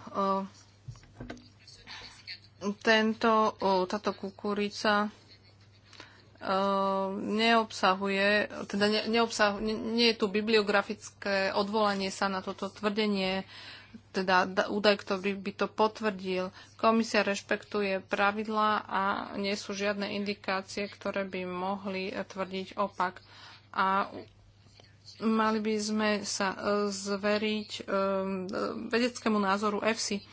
e, tento, táto kukurica e, neobsahuje, teda neobsahuje, nie je tu bibliografické odvolanie sa na toto tvrdenie teda údaj, ktorý by to potvrdil. Komisia rešpektuje pravidlá a nie sú žiadne indikácie, ktoré by mohli tvrdiť opak. A mali by sme sa e, zveriť e, e, vedeckému názoru EFSI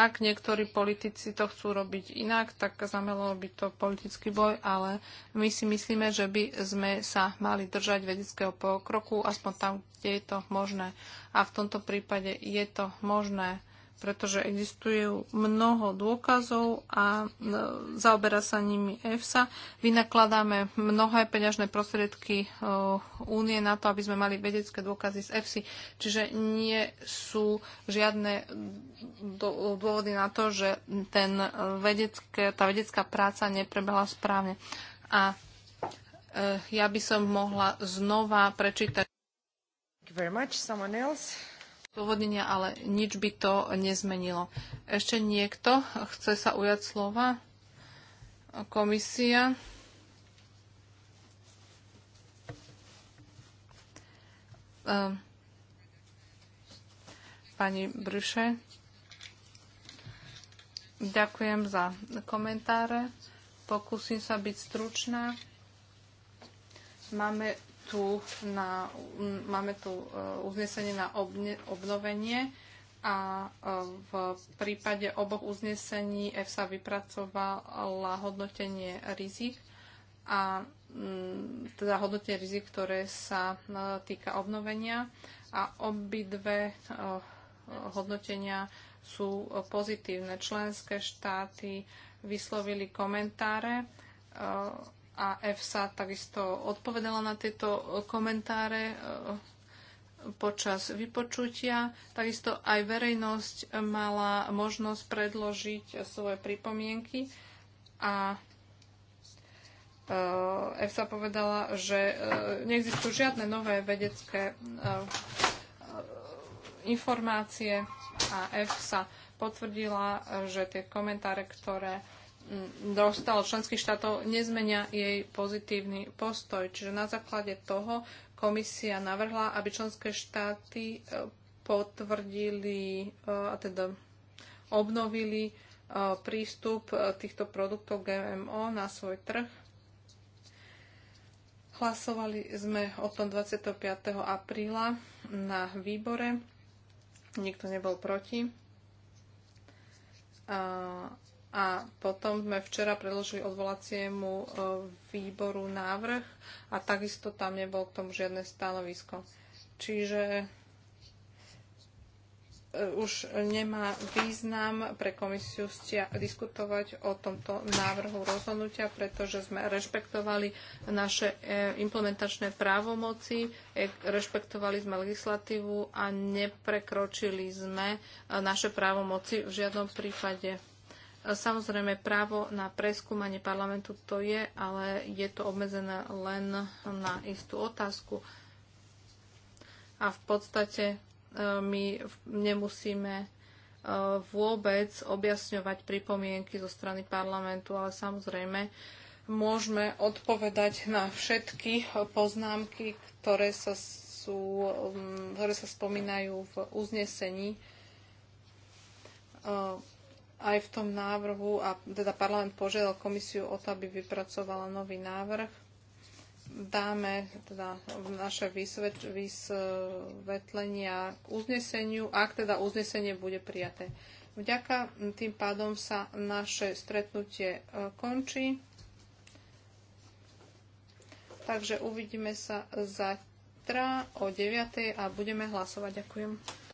ak niektorí politici to chcú robiť inak, tak zamelo by to politický boj, ale my si myslíme, že by sme sa mali držať vedeckého pokroku, aspoň tam, kde je to možné. A v tomto prípade je to možné pretože existujú mnoho dôkazov a e, zaoberá sa nimi EFSA. Vynakladáme mnohé peňažné prostriedky e, únie na to, aby sme mali vedecké dôkazy z EFSI, čiže nie sú žiadne dôvody na to, že ten e, vedecké, tá vedecká práca neprebehla správne. A ja by som mohla znova prečítať. Thank you very much. Someone else? zdôvodnenia, ale nič by to nezmenilo. Ešte niekto chce sa ujať slova? Komisia? Ehm, pani Brüše? Ďakujem za komentáre. Pokúsim sa byť stručná. Máme tu na, máme tu e, uznesenie na obne, obnovenie a e, v prípade oboch uznesení EFSA vypracovala hodnotenie rizik a mm, teda hodnotenie rizik, ktoré sa e, týka obnovenia a obidve hodnotenia sú pozitívne. Členské štáty vyslovili komentáre a EFSA takisto odpovedala na tieto eh, komentáre eh, počas vypočutia. Takisto aj verejnosť mala možnosť predložiť svoje pripomienky a eh, EFSA povedala, že neexistujú žiadne nové vedecké informácie a EFSA potvrdila, že tie komentáre, ktoré dostalo členských štátov, nezmenia jej pozitívny postoj. Čiže na základe toho komisia navrhla, aby členské štáty e, potvrdili e, a teda obnovili e, prístup týchto produktov GMO na svoj trh. Hlasovali sme o tom 25. apríla na výbore. Nikto nebol proti. A a potom sme včera predložili odvolaciemu e, výboru návrh a takisto tam nebol k tomu žiadne stanovisko. Čiže e, už nemá význam pre komisiu diskutovať o tomto návrhu rozhodnutia, pretože sme rešpektovali naše e, implementačné právomoci, rešpektovali sme legislatívu a neprekročili sme naše právomoci v žiadnom prípade. Samozrejme, právo na preskúmanie parlamentu to je, ale je to obmedzené len na istú otázku. A v podstate e, my nemusíme e, vôbec objasňovať pripomienky zo strany parlamentu, ale samozrejme môžeme odpovedať na všetky poznámky, ktoré sa, sú, mm, ktoré sa spomínajú v uznesení e, aj v tom návrhu, a teda parlament požiadal komisiu o to, aby vypracovala nový návrh. Dáme teda naše vysvet, vysvetlenia k uzneseniu, ak teda uznesenie bude prijaté. Vďaka tým pádom sa naše stretnutie e, končí. Takže uvidíme sa zajtra o 9.00 a budeme hlasovať. Ďakujem.